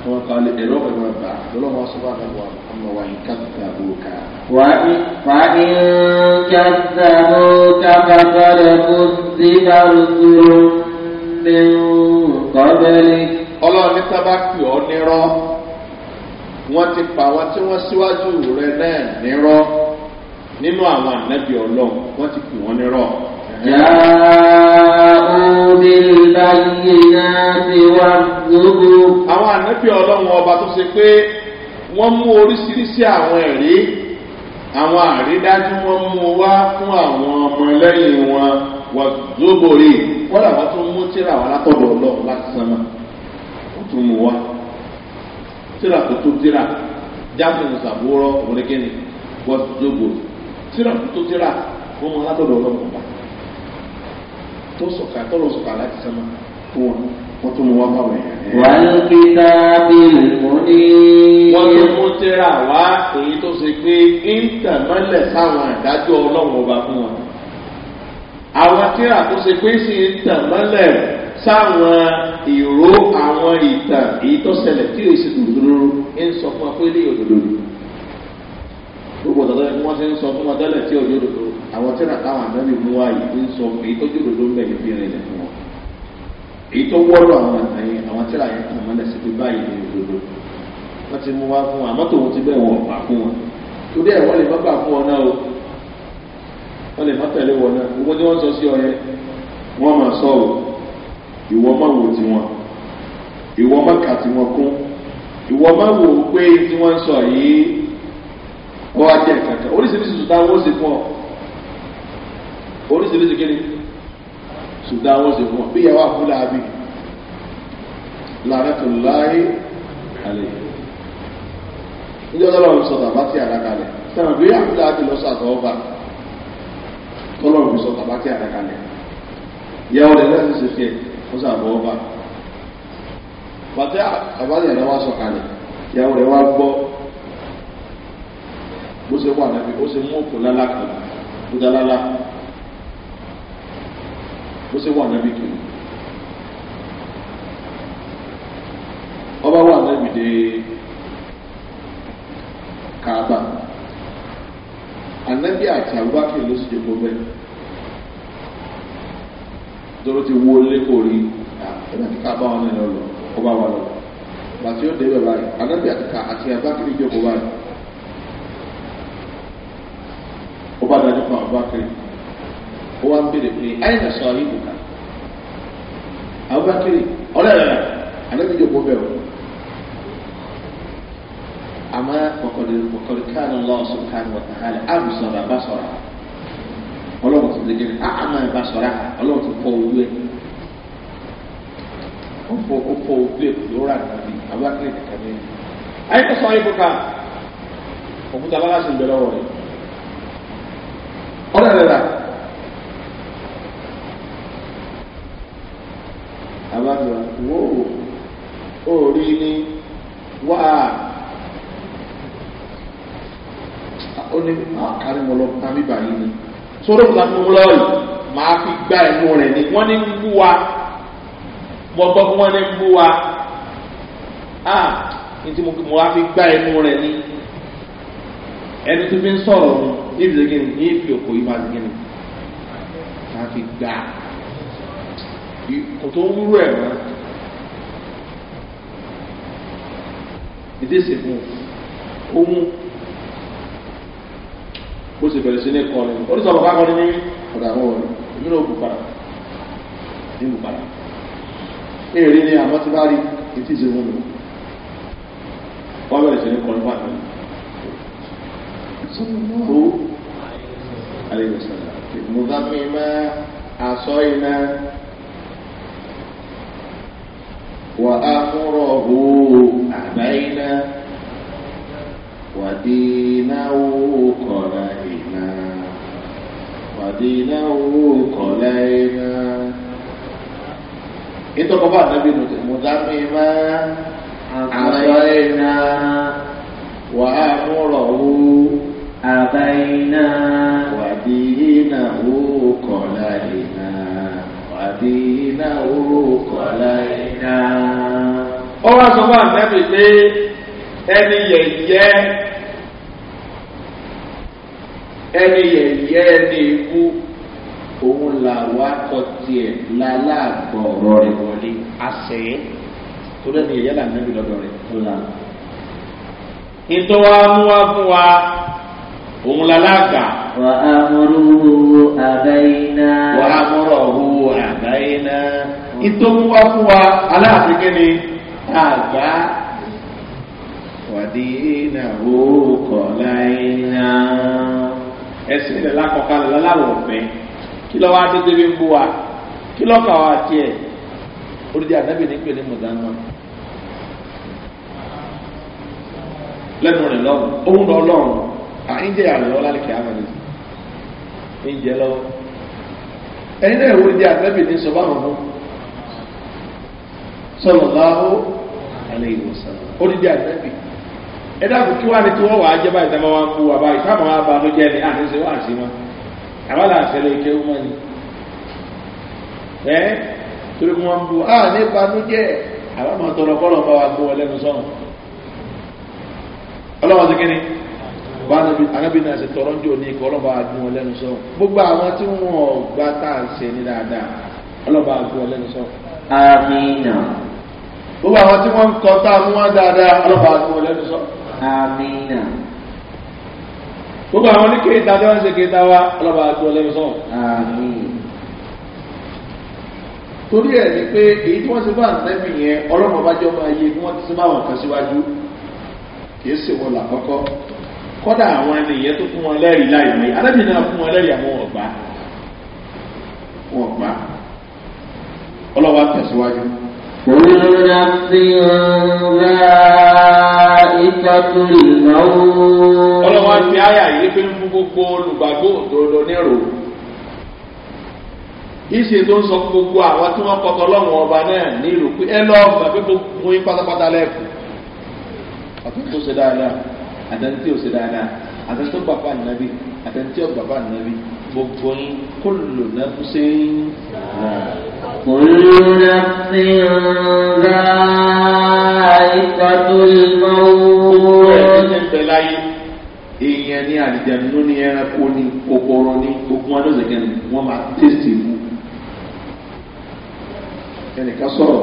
kó máa parọ́ lé ẹ̀rọ mi máa bà lọ́lọ́ máa sọ fún àgbà ọmọ wa yìí káàkiri àbúrò ká. wà á ní kẹ́sàmú kábàbàrẹ̀ kó sí àwùjọ ní kọ́bẹ̀lì. ọlọ́run ní sábà pè ọ́ nírọ́ wọ́n ti pa àwọn tí wọ́n síwájú rẹ̀ náà nírọ́ nínú àwọn ànábì ọlọ́run wọ́n ti pè wọ́n ní rọ. Yàrá-òbí láyé náà ti wá gbogbo. Àwọn ànábì ọlọ́run ọba tó ṣe pé wọ́n mú oríṣiríṣi àwọn ẹ̀rí àwọn àrídájú wọn mú wá fún àwọn ọmọ lẹ́yìn wọn wà lóbòrè wọ́n làwọn tó mú tíra wà látọ̀dọ̀ ọlọ́run láti sánmà ó tún mú wá tíra tó tó tíra jáfẹ́ nìsàbúrọ̀ òrèkéni wọ́n lóbòrè tíra tó tíra wọn mọ alátọ̀dọ̀ ọlọ́run bá tó sọ̀kà tó lọ sọ̀kà láti sánmà fún wọn wọ́n tún mú wá bá wẹ̀. wọ́n fi dábì lóní. wọ́n tún mú tíra wá èyí tó ṣe pé íńtàmọ́lẹ̀ sáwọn àdájọ́ ọlọ́run ọba fún wọn. àwọn tíra tó ṣe pé sí íńtàmọ́lẹ̀ sáwọn ìró àwọn ìtàn èyí tó ṣẹlẹ̀ tí èsì dòdòdó ń sọ fún wa pé lè gbogbo ọ̀dọ́ tí wọ́n ti ń sọ fún wọn tẹ́lẹ̀ tí òjò dòdò àwọn tẹ́lẹ̀ táwọn àdáni mú wá yìí ti ń sọ èyí tó jò dòdò ń bẹ̀ yìí fi rìn lẹ̀ fún wọn. èyí tó wọ́rọ̀ àwọn àtàyìn àwọn tẹ́lẹ̀ àyẹ̀ kan mọ́lẹ̀ sí pé báyìí ní òdòdó wọ́n ti mú wá fún wọn àmọ́ tòun ti bẹ́ẹ̀ wọ̀n pa fún wọn. torí ẹ̀ wọ́n lè má gbà fún ọ náà o wọ́n lè má wọn náà gbogbo tí wọ́n sọ sí ó wá jẹ́ nǹkan kan oríṣiríṣi sùdán wọ́n ṣe fún ọ oríṣiríṣi kí ni sùdán wọ́n ṣe fún ọ bí ìyàwó àbúlé àbí làrá tó láyé àlẹ́ níjọ́ lọ́wọ́ sọ̀tà bá ti àdákalẹ̀ sẹ́wọ̀n bí àbúlé àti lọ́sàtọ̀ ọba tọ́lọ́run fi sọ̀tà bá ti àdákalẹ̀ ìyàwó rẹ̀ lẹ́sìn ṣe fi ẹ̀ lọ́sàtọ̀ ọba bàtẹ́ àbájáde wa sọ̀kalẹ̀ ìyàwó rẹ̀ wá gbọ́ bó ṣe wà nàbí ó ṣe mú òkú lálá kan tó dá lálá bó ṣe wà nàbí kiri ọba wà nàbí dé kaaba anabi àti abubakar ló sì jẹ kó bẹ dọrọ ti wú olé kò rí ẹnà tí kaaba wọn lọ ọba wà lọ bàtí ó dé bẹ báyìí anabi àti abubakar jókòó báyìí. bá dájú fún abubakar ó wá ń bèrè pé àyìnbá sọ ayé ìbùkà abubakar ọ̀rẹ́ rẹ̀ àdébíjọ kó bẹ̀rù àmọ́ kọ̀kọ̀dé kánú lọ́wọ́ sọ kánú wọ̀tá hálẹ̀ àbù sọ̀rọ̀ àbá sọ̀rọ̀ ọlọ́wọ́ tó dégbé àmọ́ àbá sọ̀rọ̀ ọlọ́wọ́ tó fọ owó ẹ̀ ó fọ owó ẹ̀ lóra nàbí abubakar kàkàbẹ́ àyìnbá sọ ayé ìbùkà òkúta bá láti ń bẹ lọ́wọ́ rẹ̀. àrí mo lọ ta mí báyìí ni sórí òkúta fún mi lọ́ọ̀lì màá fi gbá ẹnu rẹ̀ ni wọ́n ní ń bú wa mo gbọ́ wọ́n ní ń bú wa ah ní tí mo wá fi gbá ẹnu rẹ̀ ni ẹni tó fi ń sọ̀rọ̀ mu ní ìbílẹ̀ gẹ́gẹ́ ní ìfi òkò yìí máa gẹ́gẹ́ ni fi gbá kò tó ń wúrú ẹ̀ mọ́ ìdí ìsìnkú ohun ó sì bẹ̀rẹ̀ sí ní kọrin ó ní kọrin ní ọ̀dà àwọn ọ̀rọ̀ èmi náà bùkàrà ní bùkàrà èrè ni àwọn ti bá rí etí ìṣe wọn lò wọ́n bẹ̀rẹ̀ sí ní kọrin fáwọn tó àlejòsàn mùsàmì àṣọ iná wà á múrọ̀ hó àbáyé náà. ودينه قرائن fàdínàwó kọ̀láìmá. nítorí bá nàbí mùsàmìmá àbáyìnà wà á múrọ̀wó àbáyìnà wàdínàwó kọ̀láìmá wàdínàwó kọ̀láìmá. ó wá sọ fún àbẹ́bí pé ẹni yẹ̀yẹ́ ẹni yẹ̀yẹ́ ẹni ikú òun là wá kọ tiẹ̀ lálágbọ̀ ọ̀rọ̀ rẹ̀ wọlé àṣẹ tó lẹ́nu yẹ̀yẹ́ là nẹ́bí lọ́dọ̀ rẹ̀ tó là. ìtọ́wá mú wá fún wa òun lálágbà. wà á mọ̀rọ̀ àbáyíná. wà á mọ̀rọ̀ òwò àbáyíná. ìtọ́wá wá fún wa aláàfin kẹ́ni àgbá wàdí náà ó kọ̀ láyé náà ẹ̀sìn ilẹ̀ lákọ̀ọ́kalẹ̀ láláwọ̀ ọ̀fẹ́ kí lọ́wọ́ adédè bí ń bú wa kí lọ́kà wa tiẹ̀ orídìí àdábì ní pẹ̀lú mọ̀dánù lẹ́nu rẹ̀ lọ́wọ́ òun lọ lọ́wọ́ à ń jẹ́ àrùn lọ́wọ́ lálẹ́ kìá mẹ́rin ń jẹ́ lọ́wọ́ ẹ̀yin náà orídìí àdábì ní sọ báwọn fún sọlọ láwọ àlẹ́ ìwòsàn orídìí àdábì ẹ dàgbù kí wàá ní tí wọ́n wàá jẹ́ báyìí táwọn wá ń kú wa báyìí táwọn wá ba ló jẹ́ ni àti ṣe wá sí wọn àwọn là ń fẹ́lẹ́ ike wọn ni ẹ torí kí wọ́n ń bu à ní banújẹ́ àwọn máa tọrọ kọ́lọ̀ bá wa gbó wọn lẹ́nu sọ́run ọlọ́wọ́n ti kíni bánabi anabi náà ṣe tọrọ ń jò ní ikọ̀ ọlọ́ba gbó wọn lẹ́nu sọ́run gbogbo àwọn tí wọ́n gbá tá à ṣe ní dáadáa ọlọ́ba gbó wọn lẹ́nu sọ́run. àmì gbogbo àwọn tí wọ́n ń kọ́ tá a mú wọn dáadáa ọlọ́ba gbó wọn lẹ́nu sọ́run amina. gbogbo àwọn oníkèé ìta tí wọ́n ń ṣe kéta wa ọlọ́ba àti ọlẹ́yìn sọ̀rọ̀. amin. torí ẹ̀ ni pé èyí tí wọ́n ti bá àtẹ́bì yẹn ọlọ́mọ bá jọ máa yé kí wọ́n ti sí máa wọ̀n kan síwájú kì í sì wọ́n là kọ́kọ́ kọ́dà àwọn ènìyàn tó fún wọn lẹ́rìí láì mọ́ alábì náà fún wọn lẹ́rìí àwọn ọ̀gbá wọn gbà ọlọ́wọ́ tẹ̀síwájú. òun ló ń dá sí sakul mawó. ọlọ́wọ́ á fi àyà yìí pé fún gbogbo olùgbàgbọ́ òdodo nírò. ìṣe tó ń sọ fún gbogbo àwọn tí wọ́n kọ́kọ́ lọ́wọ́n ọba náà ní ìlú pé ẹ lọ́ọ́ mọ̀ pé gbogbo yín pátápátá lẹ́kùn. àtúntò ṣe dáadáa àtẹnudí ò ṣe dáadáa àtẹnudó gbàgbọ́ ànínábì àtẹ̀ntí ọ̀gbà bá nàbí gbogbo yín kó lò náà ṣe ń nà. Kùlùnà sí ra ìkọ́tò ìmọ̀wó. Gbogbo ẹ̀ ní ẹgbẹ́ láyé. Èèyàn ní àdìjànú ní ẹranko ní kòkòrò ní gbogbo wọn lọ́sẹ̀ kẹ́ni wọ́n máa tẹ̀sí mú. Ẹnìkan sọ̀rọ̀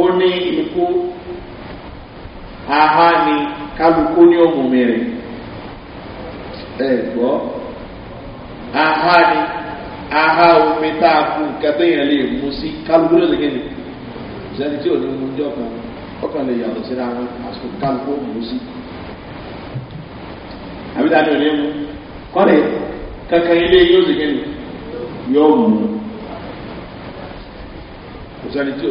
ó ní ikú aha ni kálukú ní ọmọ mi rẹ̀. ẹ̀gbọ́ aha ni aha omi tá a fún kẹtẹ́ yẹn lè mú sí kálukú ló tí o ní mú jọ kan ọkàn lè yàtọ̀ síra wọn àsìkò kálukú mú sí àbídá ni ò ní mú kọ́lẹ̀ kankan ilé yóò sì ni yóò mú tí ní mú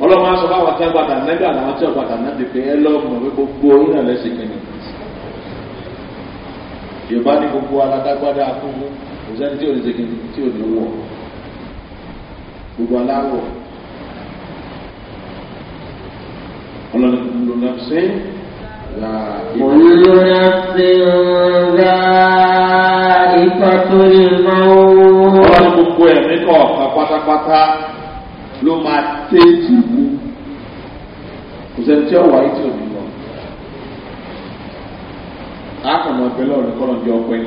ọlọ́run á náà yorùbá ní gbogbo aládágbádá akúkú kò sẹ́ni tí ò ní segin tí ò ní wọ̀ gbogbo aláwọ̀ ọlọ́ni gbogbo nàfṣẹ́ là ìgbà. nàfṣẹ́ ńlá ipa tó lè máa wọ́. ọlọ́ni gbogbo ẹ̀mí kọ̀ọ̀kan pátápátá ló máa tẹ́jú kò sẹ́ni tí ò wáyé tí ò àákànnà ọbẹ̀ lọ́rùn kọ́ lọ́n di ọpẹ́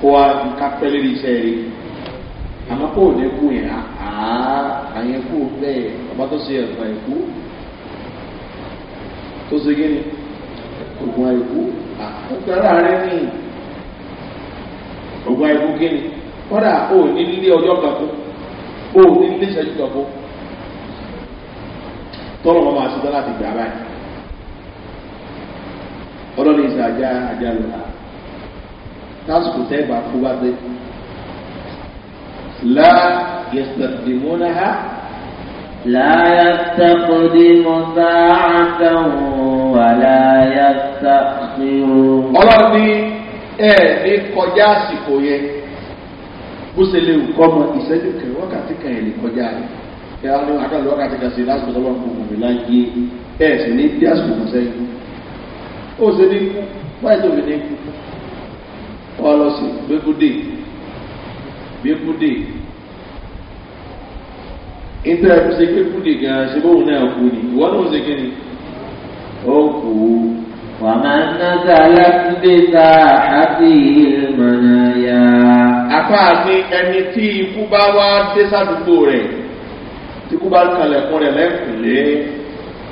kó wa ká pẹ́ lórí iṣẹ́ rẹ̀ àmọ́ kó o ní kú yẹn àá àyẹn kú bẹ́ẹ̀ ọba tó ṣe ẹ̀sán ẹ̀kú tó ṣe gíní ògùn àìkú àkókòrò rẹ̀ ní ògùn àìkú gíní kọ́dà ó ní nílé ọjọ́ kan kú ó ní nílé ìṣẹ́jú kan kú tọ́lọ́ wọn máa ṣe tán láti gbà báyìí ọlọ́ni ìsìn ajá ajá lọ́la tásìkò tẹ́gbà fún wa dé la yẹsẹ̀dìmọ́nà ha. لا يستقدم ساعة ولا يستأخرون ọlọ́run ní ẹ ní kọjá àsìkò yẹn bó ṣe lè kọ́ ọmọ ìṣẹ́jú kẹrin wákàtí kan yẹn lè kọjá rẹ̀ kí á ní àkàlù wákàtí kan sí lásìkò tó bá fún òmìnira yé ẹ sì ní bí àsìkò kan sẹ́yìn ó ṣe ní kú báyìí tó fi ní kú wọ́n lọ sí gbégúdè gbégúdè ìtẹ́ ẹ̀kú ṣe gbégúdè gan-an ṣe bóun náà kú ni ìwọ náà ṣe kí ni ó kú wà máa ń náza alákúndé ta àti ìmọ̀nàyà. apá mi ẹni tí ikú bá wá dé sádùúgbò rẹ̀ tí ikú bá kalẹ̀kùn rẹ̀ lẹ́kùnlé.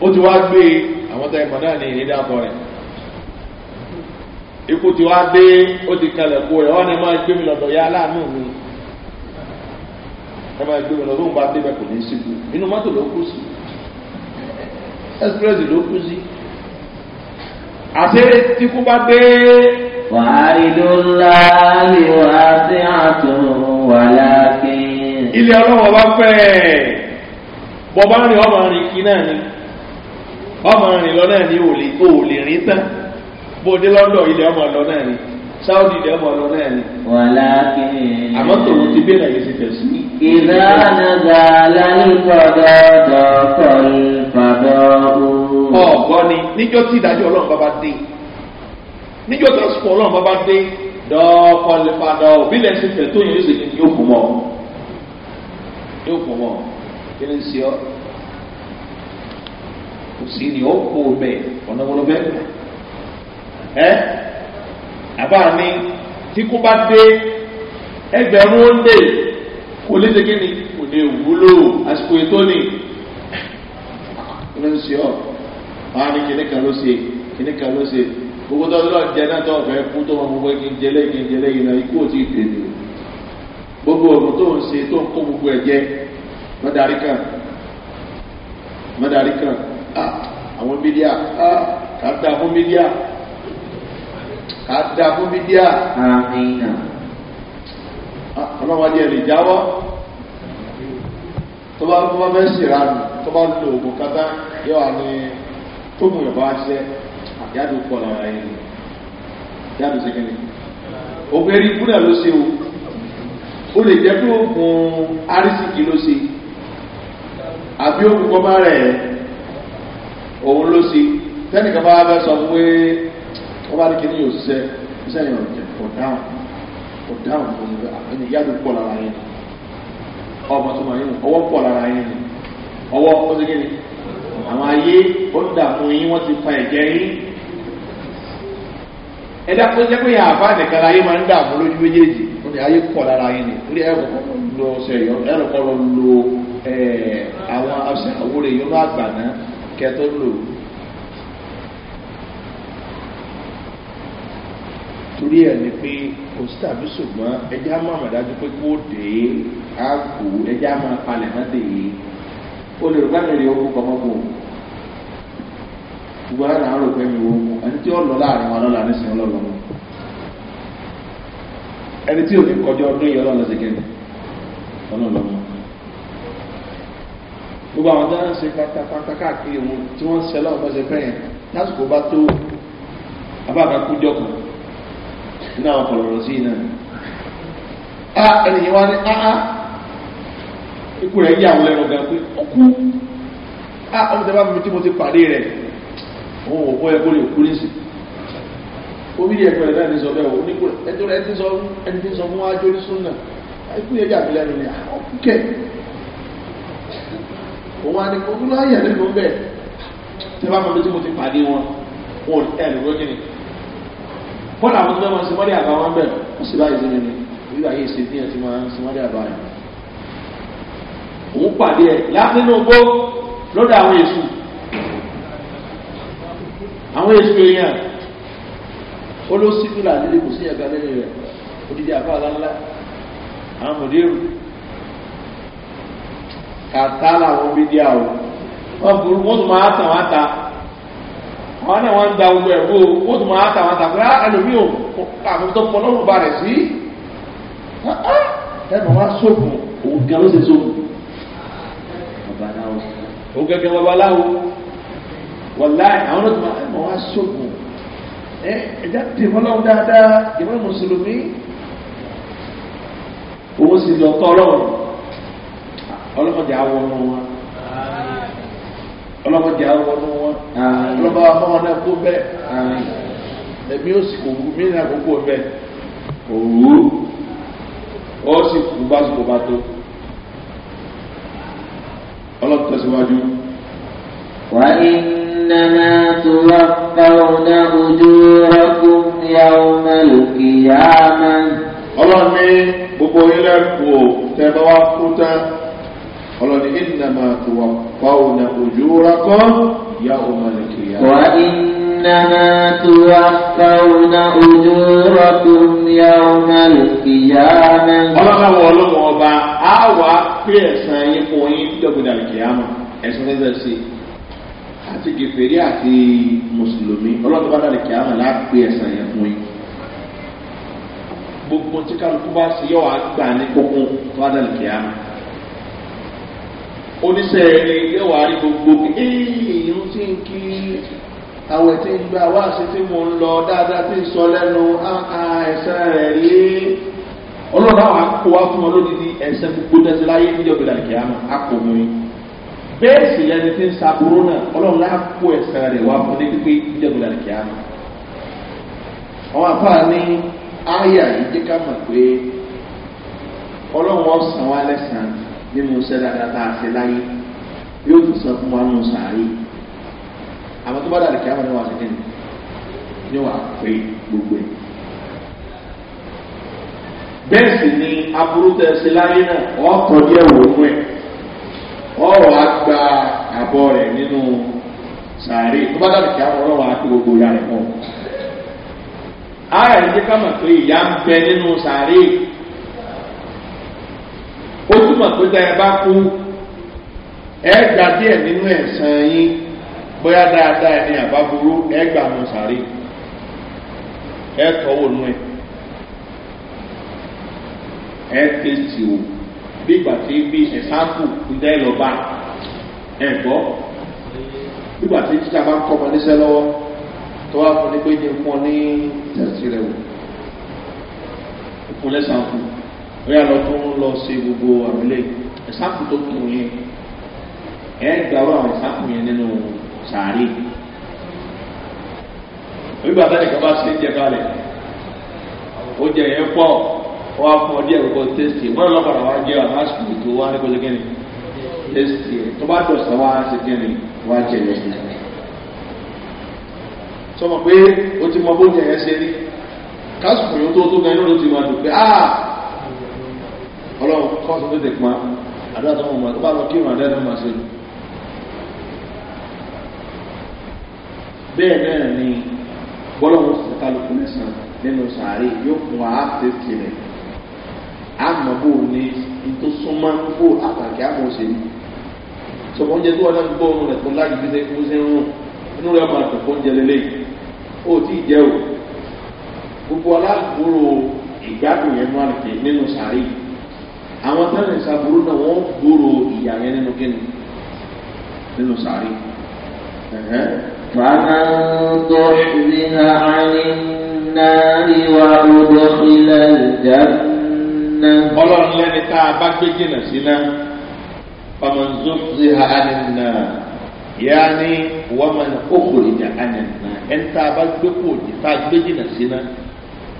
ó ti wá gbé àwọn tẹ́ ìmọ̀ náà ní ìní dàpọ̀ rẹ̀ ikú ti wá dé ó ti kalẹ̀ kó rẹ̀ wọ́n ní máa gbé mi lọ́dọ̀ ya aláàánú mi ẹ máa gbé mi lọ́dọ̀ òun bá débẹ̀ kò ní í síkú inú mọ́tò ló kú sí express ló kú sí àti tí kú bá dé. wàhálìdúnlá ni wà sí àtún wà láàkín. ilé ọlọ́wọ́ bá fẹ́ bọ́ bá rìn ọmọ rìn kí náà ni ọmọ rìn lọ náà ní òòlì òòlì rìn tán bó dé lọ́dọ̀ ilẹ̀ ọmọ lọ náà ni sáúdì ilẹ̀ ọmọ lọ náà ni. wàlá kìí. àmọ́ tòun ti bẹ́ẹ̀ láyé sí tẹ̀sí. ìdánadà lálùfọ̀dọ̀ dọ̀kọ̀ ìfàdọ̀ ooo. ọ̀gbọ́n ni níjọ́ tí ìdájọ́ ọlọ́run bá bá dé níjọ́ tí ọ̀sùn ọlọ́run bá bá dé dọ̀kọ̀ ìfàdọ̀ òbí lẹ̀ sí tẹ̀ tó yẹn yóò sì ní yóò kù mọ́ kò sí ni ó kó o bẹ ọ̀nà wọn ló bẹ kù ẹ àbá ni tí kò bá dé ẹgbẹ̀rún ó lè kò lè ṣe kí ni kò lè wúlò àsìkò ètò ni ló ń ṣe ọ wọn á ní kíní kan ló ṣe kíní kan ló ṣe gbogbo tó lọ jẹ náà tó ọfẹ kú tó wọn gbogbo kí n jẹ kí n jẹ lẹ́yìn náà ikú ò tí ì tèmi o gbogbo ọmọ tó ń ṣe tó ń kó gbogbo ẹ jẹ mọdarí kan mọdarí kan. Ah, àwọn mídíà ah, ká dá fún mídíà ká dá fún mídíà. ọlọ́wọ́ díẹ̀ lè jáwọ́ tó bá tó bá fẹ́ ṣèrànù tó bá lo oògùn kátá yóò wá ní tó mú ìyọ̀bá ṣiṣẹ́ yàtò pọ̀ lára yìí yàtò ṣe kẹ́lẹ́. oògùn erí kúrẹ́ ló ṣe o ó lè jẹ́ pé oògùn arísìkì ló ṣe àbí oògùn kọ́ bá rẹ̀ ẹ́. òun ló ṣe tẹ́nìkan bá bẹ́ sọ pé wọ́n bá ní kí ní yóò ṣiṣẹ́ iṣẹ́ yẹn kò dáhùn kò dáhùn kò ní ìyá ló pọ̀ lára yẹn ọmọ tó máa yẹn ọwọ́ pọ̀ lára yẹn ọwọ́ ó kí ni àwọn ayé ó ń dààmú yín wọ́n ti fa ẹ̀jẹ̀ yín ẹ dákun jẹ́ pé yàrá bá láyé máa ń dààmú lójú méjèèjì ó ní ayé pọ̀ lára ni orí ẹ̀rọ kọ́ ẹ̀rọ kọ́ lo àwọn kẹtó lò ó torí ẹ ni pé kò sí tàbí ṣùgbọ́n ẹjẹ́ á máa mọ̀dájú pé kó dé á kú ẹjẹ́ á máa palẹ̀ náà dè é ó lè rò bá mi rí owó kọ́mọ́kù gbogbo aláǹdà á rò pé mi wò ó ẹni tí ó lọ láàrin wọn lọ́la nísìnyí ọlọ́lọ́mọ ẹni tí ò ní ọdún yìí ọlọ́lọ́sẹ̀kẹ́ ọlọ́lọ́mọ gbogbo àwọn tó ń ṣe pátápátá káàkiri wọn tí wọ́n ṣe lọ́wọ́ bọ́sẹ̀ fẹ́yìn lásìkò bá tó abáàbá kújọ kan ní àwọn kọ̀lọ̀rọ̀ sí iná a ènìyàn wá ní áá ah, ah. ikú rẹ̀ yà wọlé ọ̀gá pé ó kú a ọmọ tẹ bá mi tí mo ti pàdé rẹ̀ òun ò bọ́ ẹkọ́ lè kú nísì omi rí ẹ̀kọ́ rẹ̀ náà ní sọ bẹ́ẹ̀ o nípò ẹjọ́ rẹ̀ ẹni tí ń sọ fún wájú oníṣúná ikú yẹn yà mí lẹ́nu ni àwọn ah, kúkẹ́ òun á ní kó fún láyà nínú bẹ́ẹ̀ tẹ bá mọ̀lẹ́ tí mo ti pàdé wọn wọn ò tẹ̀lé lójú ni bọ́dà àwọn tó máa ń sinmọ́lé àbá wọn bẹ́ẹ̀ ó sì báyìí sí mi ni ìlú ayé ṣe bí ẹ̀ ti máa ń sinmọ́lé àbá yẹn òun pàdé ẹ̀ láti inú gbó lọ́dọ̀ àwọn èṣù àwọn èṣù èèyàn ó ló sífìlà nílé kò sí ẹ̀ka lẹ́yìn rẹ̀ odidi àbá aláńlá àwọn mòdéèrù kàtá làwọn mídíà o wọ́n burú wọ́n tún máa tàn wá ta àwọn náà wọ́n ń da gbogbo ẹ̀kọ́ wọ́n tún máa tàn wá ta pé ah, ẹlòmí ò àwọn tó fọ́ lọ́rùn ba rẹ̀ sí ah, ah, ẹnu wá sóògùn òun gan ló ṣe sóògùn babaláwo òun gẹ́gẹ́ babaláwo wọláì àwọn náà tún máa ẹnu wá sóògùn ẹ ẹja tèmọ́ lọ́wọ́ dáadáa ìmọ̀ mùsùlùmí òun sì lọ tọ́ lọ́wọ́ ọlọ́mọdé awọ nù wọn ọlọ́mọdé awọ nù wọn ọlọ́mọ afọwọ́n náà kó bẹ́ẹ̀ ẹ̀mí ó sì kò wú mí náà kó kó bẹ́ẹ̀ kò wú ó sì kú bá sì kó bá tó ọlọ́mọdé tẹ̀síwájú. وإنما توفون أجوركم يوم القيامة. ọlọ́run ní gbogbo ilé kù tẹ́ bá wá kú tán ọlọ́ni ìnàmà tó wà fáwọn òjòwòrà kan yá ọmọ nìkìyà. wà ìnàmà tó wà fáwọn òjòwòrà kan yá ọmọ nìkìyà. ọlọ́run àwọn ọlọ́run ọba á wà pé ẹ̀sán yín fún yín dọ́gbọ̀dà nìkìyà mọ̀ ẹ̀sán tẹ́tẹ́ sí i àti gèfèrè àti mùsùlùmí ọlọ́run bá dàrí kìá mọ̀ ẹ̀sán yẹn fún yín gbogbo tí kálukú bá ṣe yọ̀ wá gbà ní kókó tó bá dàrí oníṣẹ́ ẹni yóò wá rí gbogbo ìrún tí ń kí àwẹ̀ tí ń gba wá sí tí mo ń lọ dáadáa tí ń sọ lẹ́nu ẹ̀sẹ̀ rẹ̀ rí ọlọ́run àwọn akó wá fún ọ lódìdí ẹ̀sẹ̀ gbogbo tẹ̀sí láyé níjọba ìlànà ìyá àmọ́ akó mi bẹ́ẹ̀ sì lẹni tí ń saburú náà ọlọ́run láà kó ẹ̀sẹ̀ rẹ̀ wá fún ní pípé àwọn afáà ní jẹ́ ká mọ̀ pé ọlọ́run ọ̀sán nínú iṣẹ́ dáadáa tá a ṣe láyé yóò tún sọ fún wa nù sàárè àwọn tó bá dàrí kí á wọn ní wà sílẹ̀ ní wà pé gbogbo ẹ̀. bẹ́ẹ̀ sì ni aburú tẹ̀ ṣe láyé náà ọkọ̀ díẹ̀ wò ó mú ẹ̀ ọ̀rọ̀ á gba àbọ̀ rẹ̀ nínú sàárè tó bá dàrí kí á wọn ọ̀rọ̀ á gbogbo ìyá rẹ̀ mọ́. ara ẹ̀ ń jẹ́ ká pé ìyá ń bẹ nínú sàárè ó túmọ̀ pé tá ẹ bá kú ẹ gbà díẹ̀ nínú ẹ̀sán yín bóyá dáadáa ní àbábúrú ẹ gbà mọ sàárè ẹ tọ́wọ́ nú ẹ ẹ tẹ̀sí o bí ìgbà tí bí ẹ̀sáàpù ń dẹ́ lọ bá ẹ gbọ́ bí ìgbà tí títà bá kọ́ ọmọ níṣẹ́ lọ́wọ́ tó wá fún ni pé jẹ́ fún ọ ní tẹ̀sí rẹ̀ wò ìfúnlẹ̀ sàn bóyá lọ tó ń lọ ṣe gbogbo àmìlẹ̀ ẹ̀sáàpù tó kù yẹn ẹ̀ gbàrú àwọn ẹ̀sáàpù yẹn nínú sàárè nígbà táyà kan bá ṣe ń jẹ kalẹ̀ oúnjẹ yẹn pọ̀ wọ́n á fún ọ díẹ̀ gbogbo tẹ́sítì mọ́nà lọ́kọ̀ọ́ra wá jẹ́ àwọn àṣùkò tó wá ní kọjá kẹ́ni tẹ́sítì tó bá dọ̀sán wá ṣe kẹ́ni wá jẹ lẹ́sìn sọmọ pé o ti mọ bóúnjẹ yẹn ṣe rí kásùkò yóò tó tó gan inú ló ti máa dùn pé áà. Ah, ọlọ́run kọ́sùn tó tètè pa àdúrà tó wọn bá lọ kí ìrìn àdúrà tó máa ṣe. bẹ́ẹ̀ náà ni bọ́lọ́wọ́ sì kálukú lẹ́sàn nínú sàárè yóò fún wa áàpù tirẹ̀ àmọ́ bò ní tó súnmọ́ bò àtàkì àmọ́ òṣèlú sọ̀kọ́ oúnjẹ tó wà náà gbọ́ ọ̀run rẹ̀ tó láti fi ṣe kó ṣe ń rún inú rẹ̀ máa dùn fún jẹlẹ̀ lẹ́yìn ó tí àwọn tẹ́lẹ̀ ń sàbúrú náà wọ́n gbòòrò ìyá yẹn nínú kíni nínú sàárè. Fàáńtò ìdíhà ànínáàrí wa lọ́dọ̀ ilẹ̀ ìjà náà. Ọlọ́run lẹ́ni tá a bá gbé jìnà sí náà, ọmọ nzọ́fìhà ànínáà. Yaani wọ́n kókò ìjà ànínáà. Ẹni tá a bá gbé kò jì tá a gbé jìnà sí náà,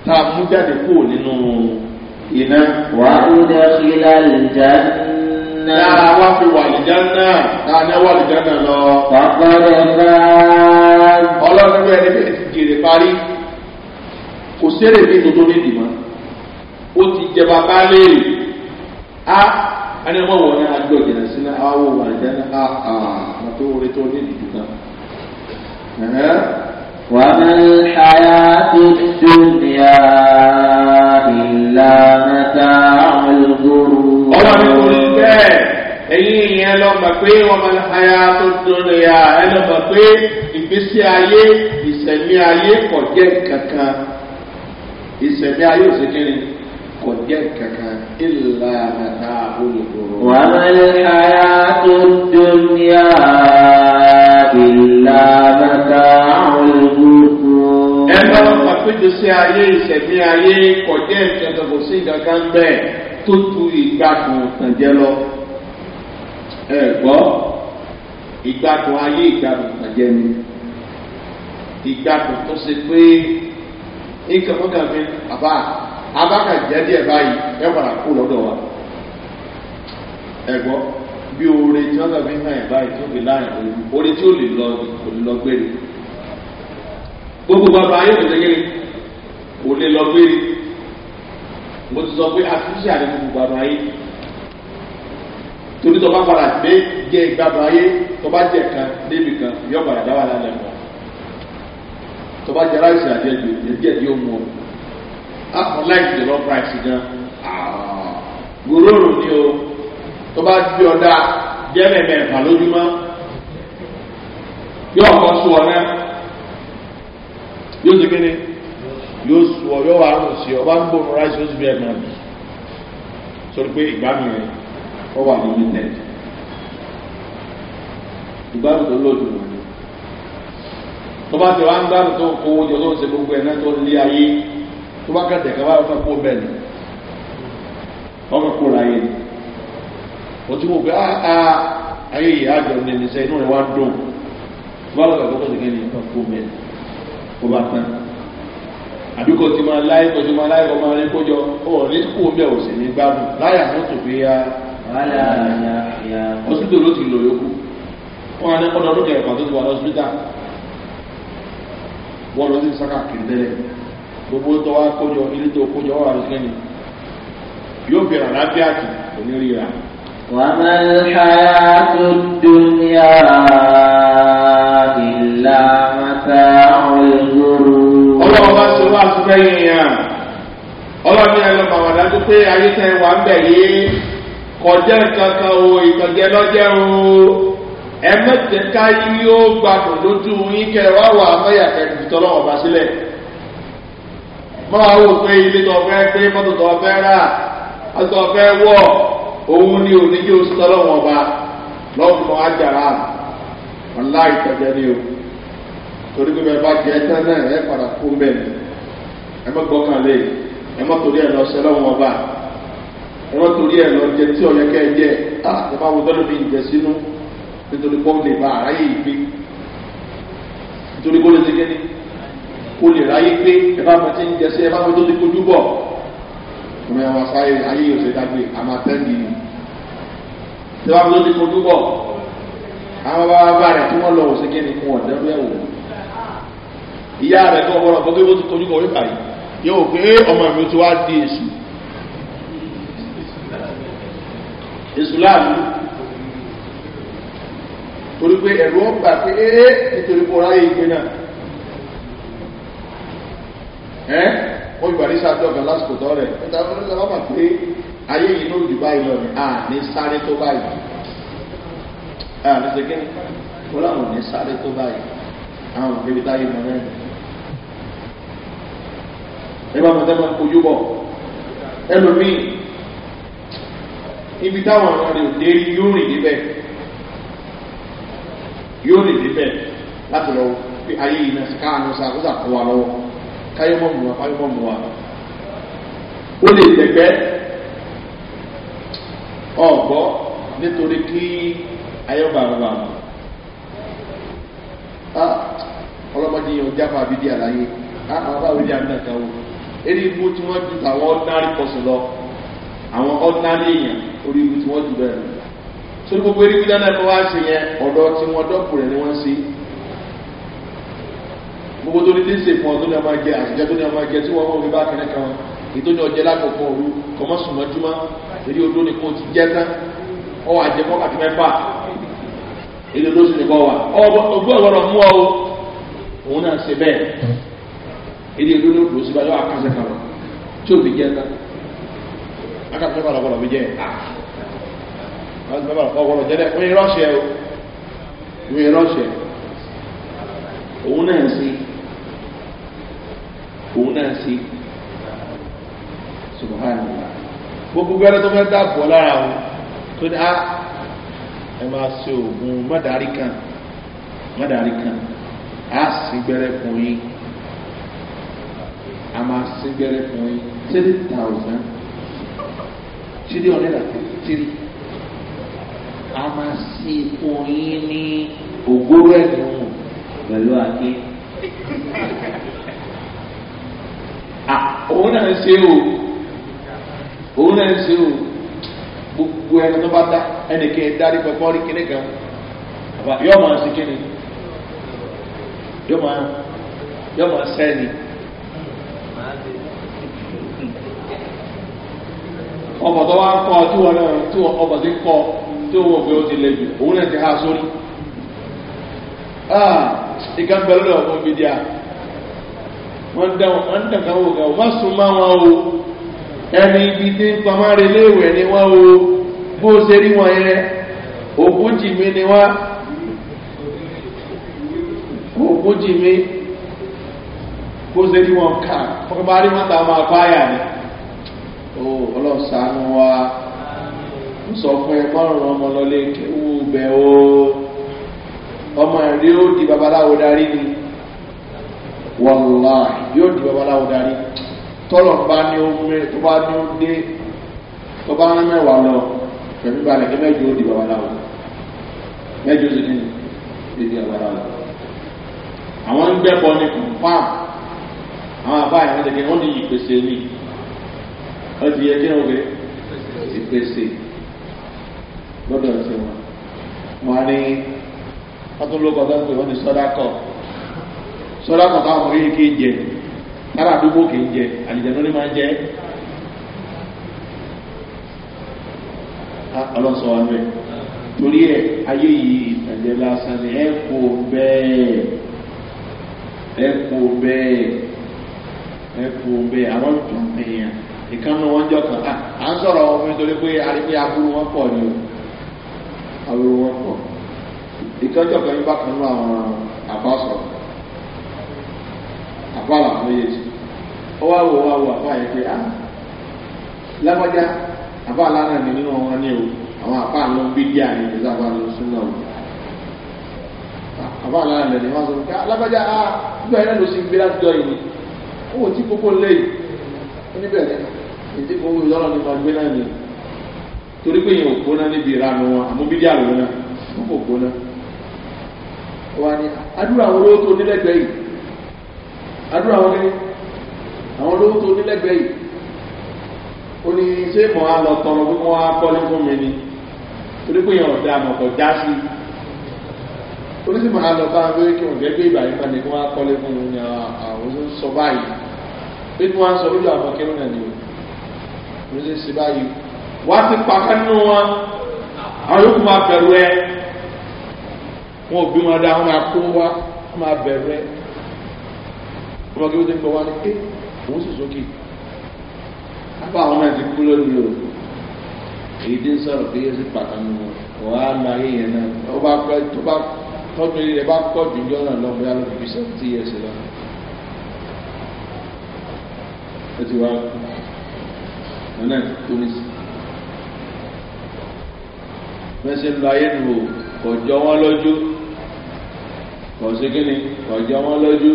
tá a mú jáde kò nínú iná. wà á dúdẹ fìlà lìjà náà. lára wá fi wà lìjà náà náà ní wà lìjà náà lọ. pàpàrọ̀ náà. ọlọ́run bẹ́ẹ̀ ni bẹ́ẹ̀ ti jèrè parí kò sẹ́rẹ̀ mi tó ní ìdìmọ̀ ó ti jẹ bàbá léèrè á ẹni ọmọ wọn náà gbọ́ jìnnà sí náà á wà lìjà náà á àwọn tó wọlé tó ní ìdìmọ̀ náà. وما الحياة الدنيا إلا ìlà mẹ́ta àwọn ìlúgbòrò. ọwọ́ mi kò ní bẹ́ẹ̀ ẹ̀yin ìyẹn lọ mọ̀ pé ọmọ ìhàyà tó dúró ya ẹ lọ mọ̀ pé ìgbésí ayé ìsẹ̀mí ayé kò jẹ́ kankan ìsẹ̀mí ayé òsèkéni kò jẹ́ kankan ìlà mẹ́ta wàá mẹ́lẹ̀ ìhàyà tó dúró ya. ìgbésí ayé ìṣẹ̀mí ayé kọjá ìṣẹ̀dọ̀gbọ̀n sí ìkankan bẹ́ẹ̀ tó tu ìgbàkùn tànjẹ́ lọ. ẹ gbọ́ ìgbàkùn ayé ìgbàkùn tànjẹ́ ni ìgbàkùn tó ṣe pé nǹkan mọ́gàn fi àbá abákàjẹ́ díẹ̀ báyìí ẹ padà kú lọ́dọ̀ wa. ẹ gbọ́ bí oore tí wọ́n kàn fi hàn ẹ̀ báyìí tó fi láàyè oore tí ó lè lọ kò lè lọ gbére gbogbo bàbá ayé kò tẹ́gẹ́rẹ́ kò lè lọ gbére mo ti sọ pé àtúnṣe àti gbogbo gbàdùn ayé torí tó bá padà gbé jẹ gbàdùn ayé tó bá jẹ kan débi kan yọ padà dá wà lálẹ́ mọ́ tó bá jẹ aláìsàn àti ẹjọ ìdíjẹ tí ó mú ọ àpò láìsí ìdọ̀rọ̀ price gan gbòòrò ah, ni o tó bá gbé ọ dáa jẹ́ mẹ́mẹ́ẹ̀fà lójúmọ́ yọ ọkọ̀ sùn ọ náà yóò ṣe kéde. yóò su ọ yóò wà rùn sí ọ bá ń gbóòrùn ráìsì ó sì pé ọ wà ní tó ni tó bá wá ń tó jọ tó ń ṣe gbogbo ẹ̀ náà tó lé ayé tó bá kàn tẹ̀ka báyọ̀ fẹ́ kó bẹ́ẹ̀ ni wọ́n fẹ́ kó ra ni o ti wò pé otu ah, ah, ayé yìí àjọ ní ẹni sẹ́ inú rẹ̀ wá dùn wọ́n tó kó bẹ́ẹ̀ ni àbí kò ti máa láyé kò ti máa láyé kò máa rí kó jọ ọ̀ ní kó bẹ̀ ò sì ní gbádùn láyà fún tòbíyá hospital ló ti lò yókù wọn á ní ọdọ ọdún kẹfà tó ti wà lọ́sítà wọn lọ sí sáká kiri tẹ́lẹ̀ gbogbo tó wá kójọ ilé tó kójọ wà lọ sílẹ̀ yóò fi rà lábẹ́ àti onírìíra. وما الحياة الدنيا إلا متاع wá sí fẹ́yìn èèyàn ọlọ́ni ẹ lọ bàbá dájú pé ayé tẹ wà ń bẹ̀ yìí kọjá nǹkan kan o ìtọ́jẹ lọ́jẹ́ o ẹ mẹ́tẹ̀ ká yí ó gbàdùn lójú yín kẹ wá wà fẹ́yà kẹ́kẹ́ tó lọ́wọ́ bá sílẹ̀ mọ́ àwọn òpin ilé tó fẹ́ gbé mọ́tò tó fẹ́ rà àtọ̀ fẹ́ wọ̀ òun ni oníjì oṣù tọ́lọ́wọ́ ọba lọ́gbọ̀n ajára ọ̀la ìtọ́jẹ ni o torí pé bẹ́ẹ̀ bá jẹ́ tán náà ẹ padà kú bẹ́ẹ̀ ẹ mọ́ gbọ́kàn lé ẹ mọ́ torí ẹ̀ lọ ṣẹ lọ́wọ́ ọba ẹ mọ́ torí ẹ̀ lọ jẹ tí ọ̀yẹ́ kẹ́ ẹ jẹ à ẹ máa wo tọ́lẹ̀ mi jẹ sínú nítorí pọ́n lè bá àráyè ìgbé nítorí pọ́n lè ṣe kéde kó lè ráyè pé ẹ bá mọ tí ń jẹ sí ẹ bá mọ tó ti kojú bọ̀ ọmọ ẹ wá sáyé ayé yóò dágbé àmọ́ àtẹ́ǹdì ni ẹ bá tó ti kojú bọ̀ àwọn bàbá bá rẹ̀ tí wọ́n lọ òsèké ni fún ọ̀dẹ́rú ìyá rẹ̀ kọ́ ọ̀rọ̀ yóò pé ọmọ mi ti wá di èṣù èṣù láàbù torí pé ẹ̀rù ọgbà pé ee nítorí kó ráyè ìgbé náà ẹ́ wọ́n yóò wà ní sàdọ̀gà lásìkò tọ́rẹ̀ ẹ̀ta fún ẹ̀ta wọ́n bà pé ayé yìí ló dì báyìí lọ ní à ní sáré tó báyìí à ní sẹ́kẹ́ wọ́n láwọn ní sáré tó báyìí àwọn òbí táyé mọ́ náà ẹgbẹ́ àwọn tẹ́lẹ̀ kojú bọ̀ ẹlòmíì ibi táwọn àwọn rẹ̀ òde rí yóò rìn níbẹ̀ yóò rìn níbẹ̀ láti lọ pé ayé yìí náà káàánú sa kó sàkó wa lọ́wọ́ káyọ́mọ̀ mú wa káyọ́mọ̀ mú wa ó lè dẹ̀gbẹ́ ọ̀gbọ́ nítorí kí ayọ́bà bàbà mú ọlọ́mọdé yẹn ó jáfa bídí àlàyé ah, àwọn báwo ni àná kan wò eré ibú tí wọ́n ju àwọn ordinary person lọ àwọn ordinary èèyàn orí ibú tí wọ́n ju bẹ́ẹ̀ lọ sórí gbogbo eré ibú dáná ẹ̀fọ́ wá sí yẹn ọ̀dọ́ tí wọ́n dọ́kù rẹ̀ ni wọ́n ṣe gbogbo tó ní tí ń ṣe fún ọ tó ní ọmọ jẹ àṣìjẹ tó ní ọmọ jẹ tí wọ́n wọ́n fi bá kẹ́lẹ́ kan ìtọ́jú ọjẹ́ lákòókò òru kọ́mọ́sùmọ́júmọ́ èyí odó ni kò ti jẹ́ tán ọwọ́ àjẹmọ́ àti mẹ́fà èyí odó sì ní kọ́ wa ọgbọ́n ọ̀rọ̀ mú ọ òun náà ṣe bẹ́ẹ̀ ilé ìlú ní òkú síbáyọ àkàṣẹ kan tí ò fi jẹ náà akàṣẹ kan lọ́gbọ́dọ̀ fi jẹ à akàṣẹ kan lọ́gbọ́dọ̀ jẹ dẹ́ oyin rọ́ṣẹ́ o oyin rọ́ṣẹ́ òun náà sí òun náà sí subhanallah gbogbo gbẹ́rẹ́ tó fẹ́ dáàbò lára o tó ní a ah, ẹ máa ṣe oògùn mọ́dàrí kan mọ́dàrí kan a sì gbẹ́rẹ́ fún yín a máa sín gbẹ́rẹ́ fún yín three thousand three hundred and fifty three a máa sí fún yín ní ògóró ẹ̀dùn pẹ̀lú àgbẹ̀. òun náà ń ṣe o òun náà ń ṣe o gbogbo ẹni tó bá dá ẹnìkan ẹ dárí pẹpẹ ọrí kíní kan yọọ ṣe kíni yọọ máa ọbọdọ tó wá ń kọ́ tí wọ́n náà tí ọmọ ti kọ́ tí wọ́n pé ó ti lè jù òun náà ti há sórí ah, ìgbàgbẹ́ lọ́dọ̀ ọmọ a díà wọ́n dẹ̀kan wọn o ẹni ibi tí ń ni o bó ṣe rí wọn ni kó ṣe kí wọn kà fún bá rí mọ́ta máa báyà ni ó ọlọ́run wa ń sọ fún ẹ márùn-ún ọmọ lọlé kéwú bẹ ó ọmọ rẹ yóò di babaláwo di babaláwo darí tọ́lọ̀ bá ní tó bá ní ó dé tó di babaláwo mẹ́jọ sì ní ìdí babaláwo àwọn ń ní àwọn àbáyé wọn tẹ̀kẹ́ wọ́n ní ìpèsè mi wọ́n ti yẹ kí wọ́n gbé ìpèsè lọ́dọ̀ tí wọn. wọ́n á ní wọ́n tún lóko ọ̀dọ́ pé wọ́n ní sọ́dákọ̀ sọ́dákọ̀ táwọn ọmọ yìí kì í jẹ tára àdúgbò kì í jẹ àlìjẹ́ lórí máa jẹ. Ah, ọlọ́sọ wa bẹ́ẹ̀ torí ẹ ayé yìí ìtàjẹ́ lásán ni ẹ kò bẹ́ẹ̀ ẹ kò bẹ́ẹ̀ ẹ̀fọ́ omi àwọn ìtàn èèyàn ìkànnì wọn jọ kàn á ń sọ̀rọ̀ ọmọ nítorí pé arígbé aburú wọn pọ̀ ni o aburú wọn pọ̀ ìkànjọ́ kan yín bá kan náà àwọn àbá sọ̀rọ̀ àbá làwọn méjèèjì ó wá wo wá wo àbá yẹn pé á lágbájá àbá alára mi nínú wọn ní o àwọn àbá ló ń gbígbé àyè ìdílé àbá ló ń súnmọ́ o àbá alára mi wọn sọ pé lágbájá á gbọ́dọ̀ ló sì gbé láti jọ ìní ó ti kókó lé níbẹ̀ ètí owó ìlọ́rọ̀ nípa gbé náà ni torí pé yẹn ò gbóná níbi ìranu wọn àmú bídí àlọ́ náà wọn kò gbóná wà ní adúrà àwọn olówó tó nílẹ̀gbẹ́ yìí adúrà àwọn ní àwọn olówó tó nílẹ̀gbẹ́ yìí ó ní ṣé mọ̀ á lọ tọrọ pé wọ́n á kọ́lé fún mi ni torí pé yẹn ọ̀dà àmọ̀kọ̀ já sí oníṣègùn á lọ bá wọn pé kí wọ́n gẹ́gẹ́ ìbàyẹ̀fà ni kí wọ́n á kọ́lé fún mi ni àwọn oṣù sọ báyìí bí wọ́n sọ lójú àwọn akẹ́rù náà ni o ló ṣe báyìí wọ́n ti pàkà nínú wọn àwọn yòókù máa bẹ̀rù ẹ wọn ò bí wọn dá wọn máa kó wá wọn máa bẹ̀rù ẹ ọmọ kí wọ́n ti ń bọ̀ wá ní òun sì sókè àbá àwọn náà ti kú lónìí o èyí tí ń sọ̀rọ̀ pé yóò sì pàkà nínú wọn wọ́n á máa yẹn náà ọba pẹ́ tó bá tọ́jú ilé bá pọ̀ jù ní ọ̀nà lọ́gbẹ́yà ló fi seventy years lọ́nà ó ti wá wọn náà kú nísì. fẹsẹ̀ ń lo ayé nù o kò jọ wọn lójú kò sí kí ni kò jọ wọn lójú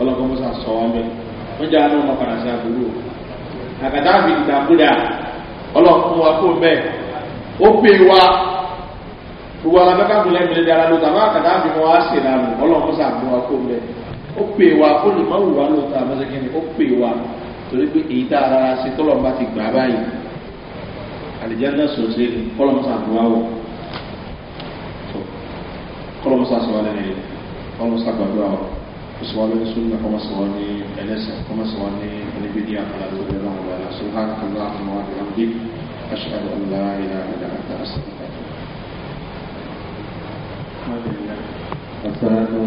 ọlọ́kọ́ mọ́sá sọ wọn bẹ́ẹ̀ wọ́n jẹ́ àwọn ọmọ padà sí àbúrò àkàtà àbí ìdàkúdà ọlọ́kùn wa kó bẹ́ẹ̀ ó pè wá gbogbo alábẹ́ká gbọ́lẹ́mìlẹ́dẹ́ ara ló tàbá àkàtà àbí wọn á sì dànù ọlọ́kùn sàgbọ́n wa kó bẹ́ẹ̀ ó pè wá ó lè má wù wá lóòótọ́ àmọ́sẹ́kẹ́ ni ó pè wá torí pé èyí tá a rárá sí tọ́lọ̀ bá ti gbà báyìí àlìjáde sòsè ni kọ́lọ́mùsà ń wá wọ̀ kọ́lọ́mùsà sọ̀rọ̀ lẹ́nu rẹ̀ kọ́lọ́mùsà gbàgbọ́ àwọn sọ̀rọ̀ sọ̀rọ̀ kọ́mọ̀ sọ̀rọ̀ ní ẹlẹ́sẹ̀ kọ́mọ̀ sọ̀rọ̀ ní ẹlẹ́bìdì àkàlàdé ọ̀rọ̀ ọ̀rọ̀ ẹ̀lá sọ̀rọ̀ kọ́lọ́ àwọn ọ̀rọ̀ ọ̀rọ̀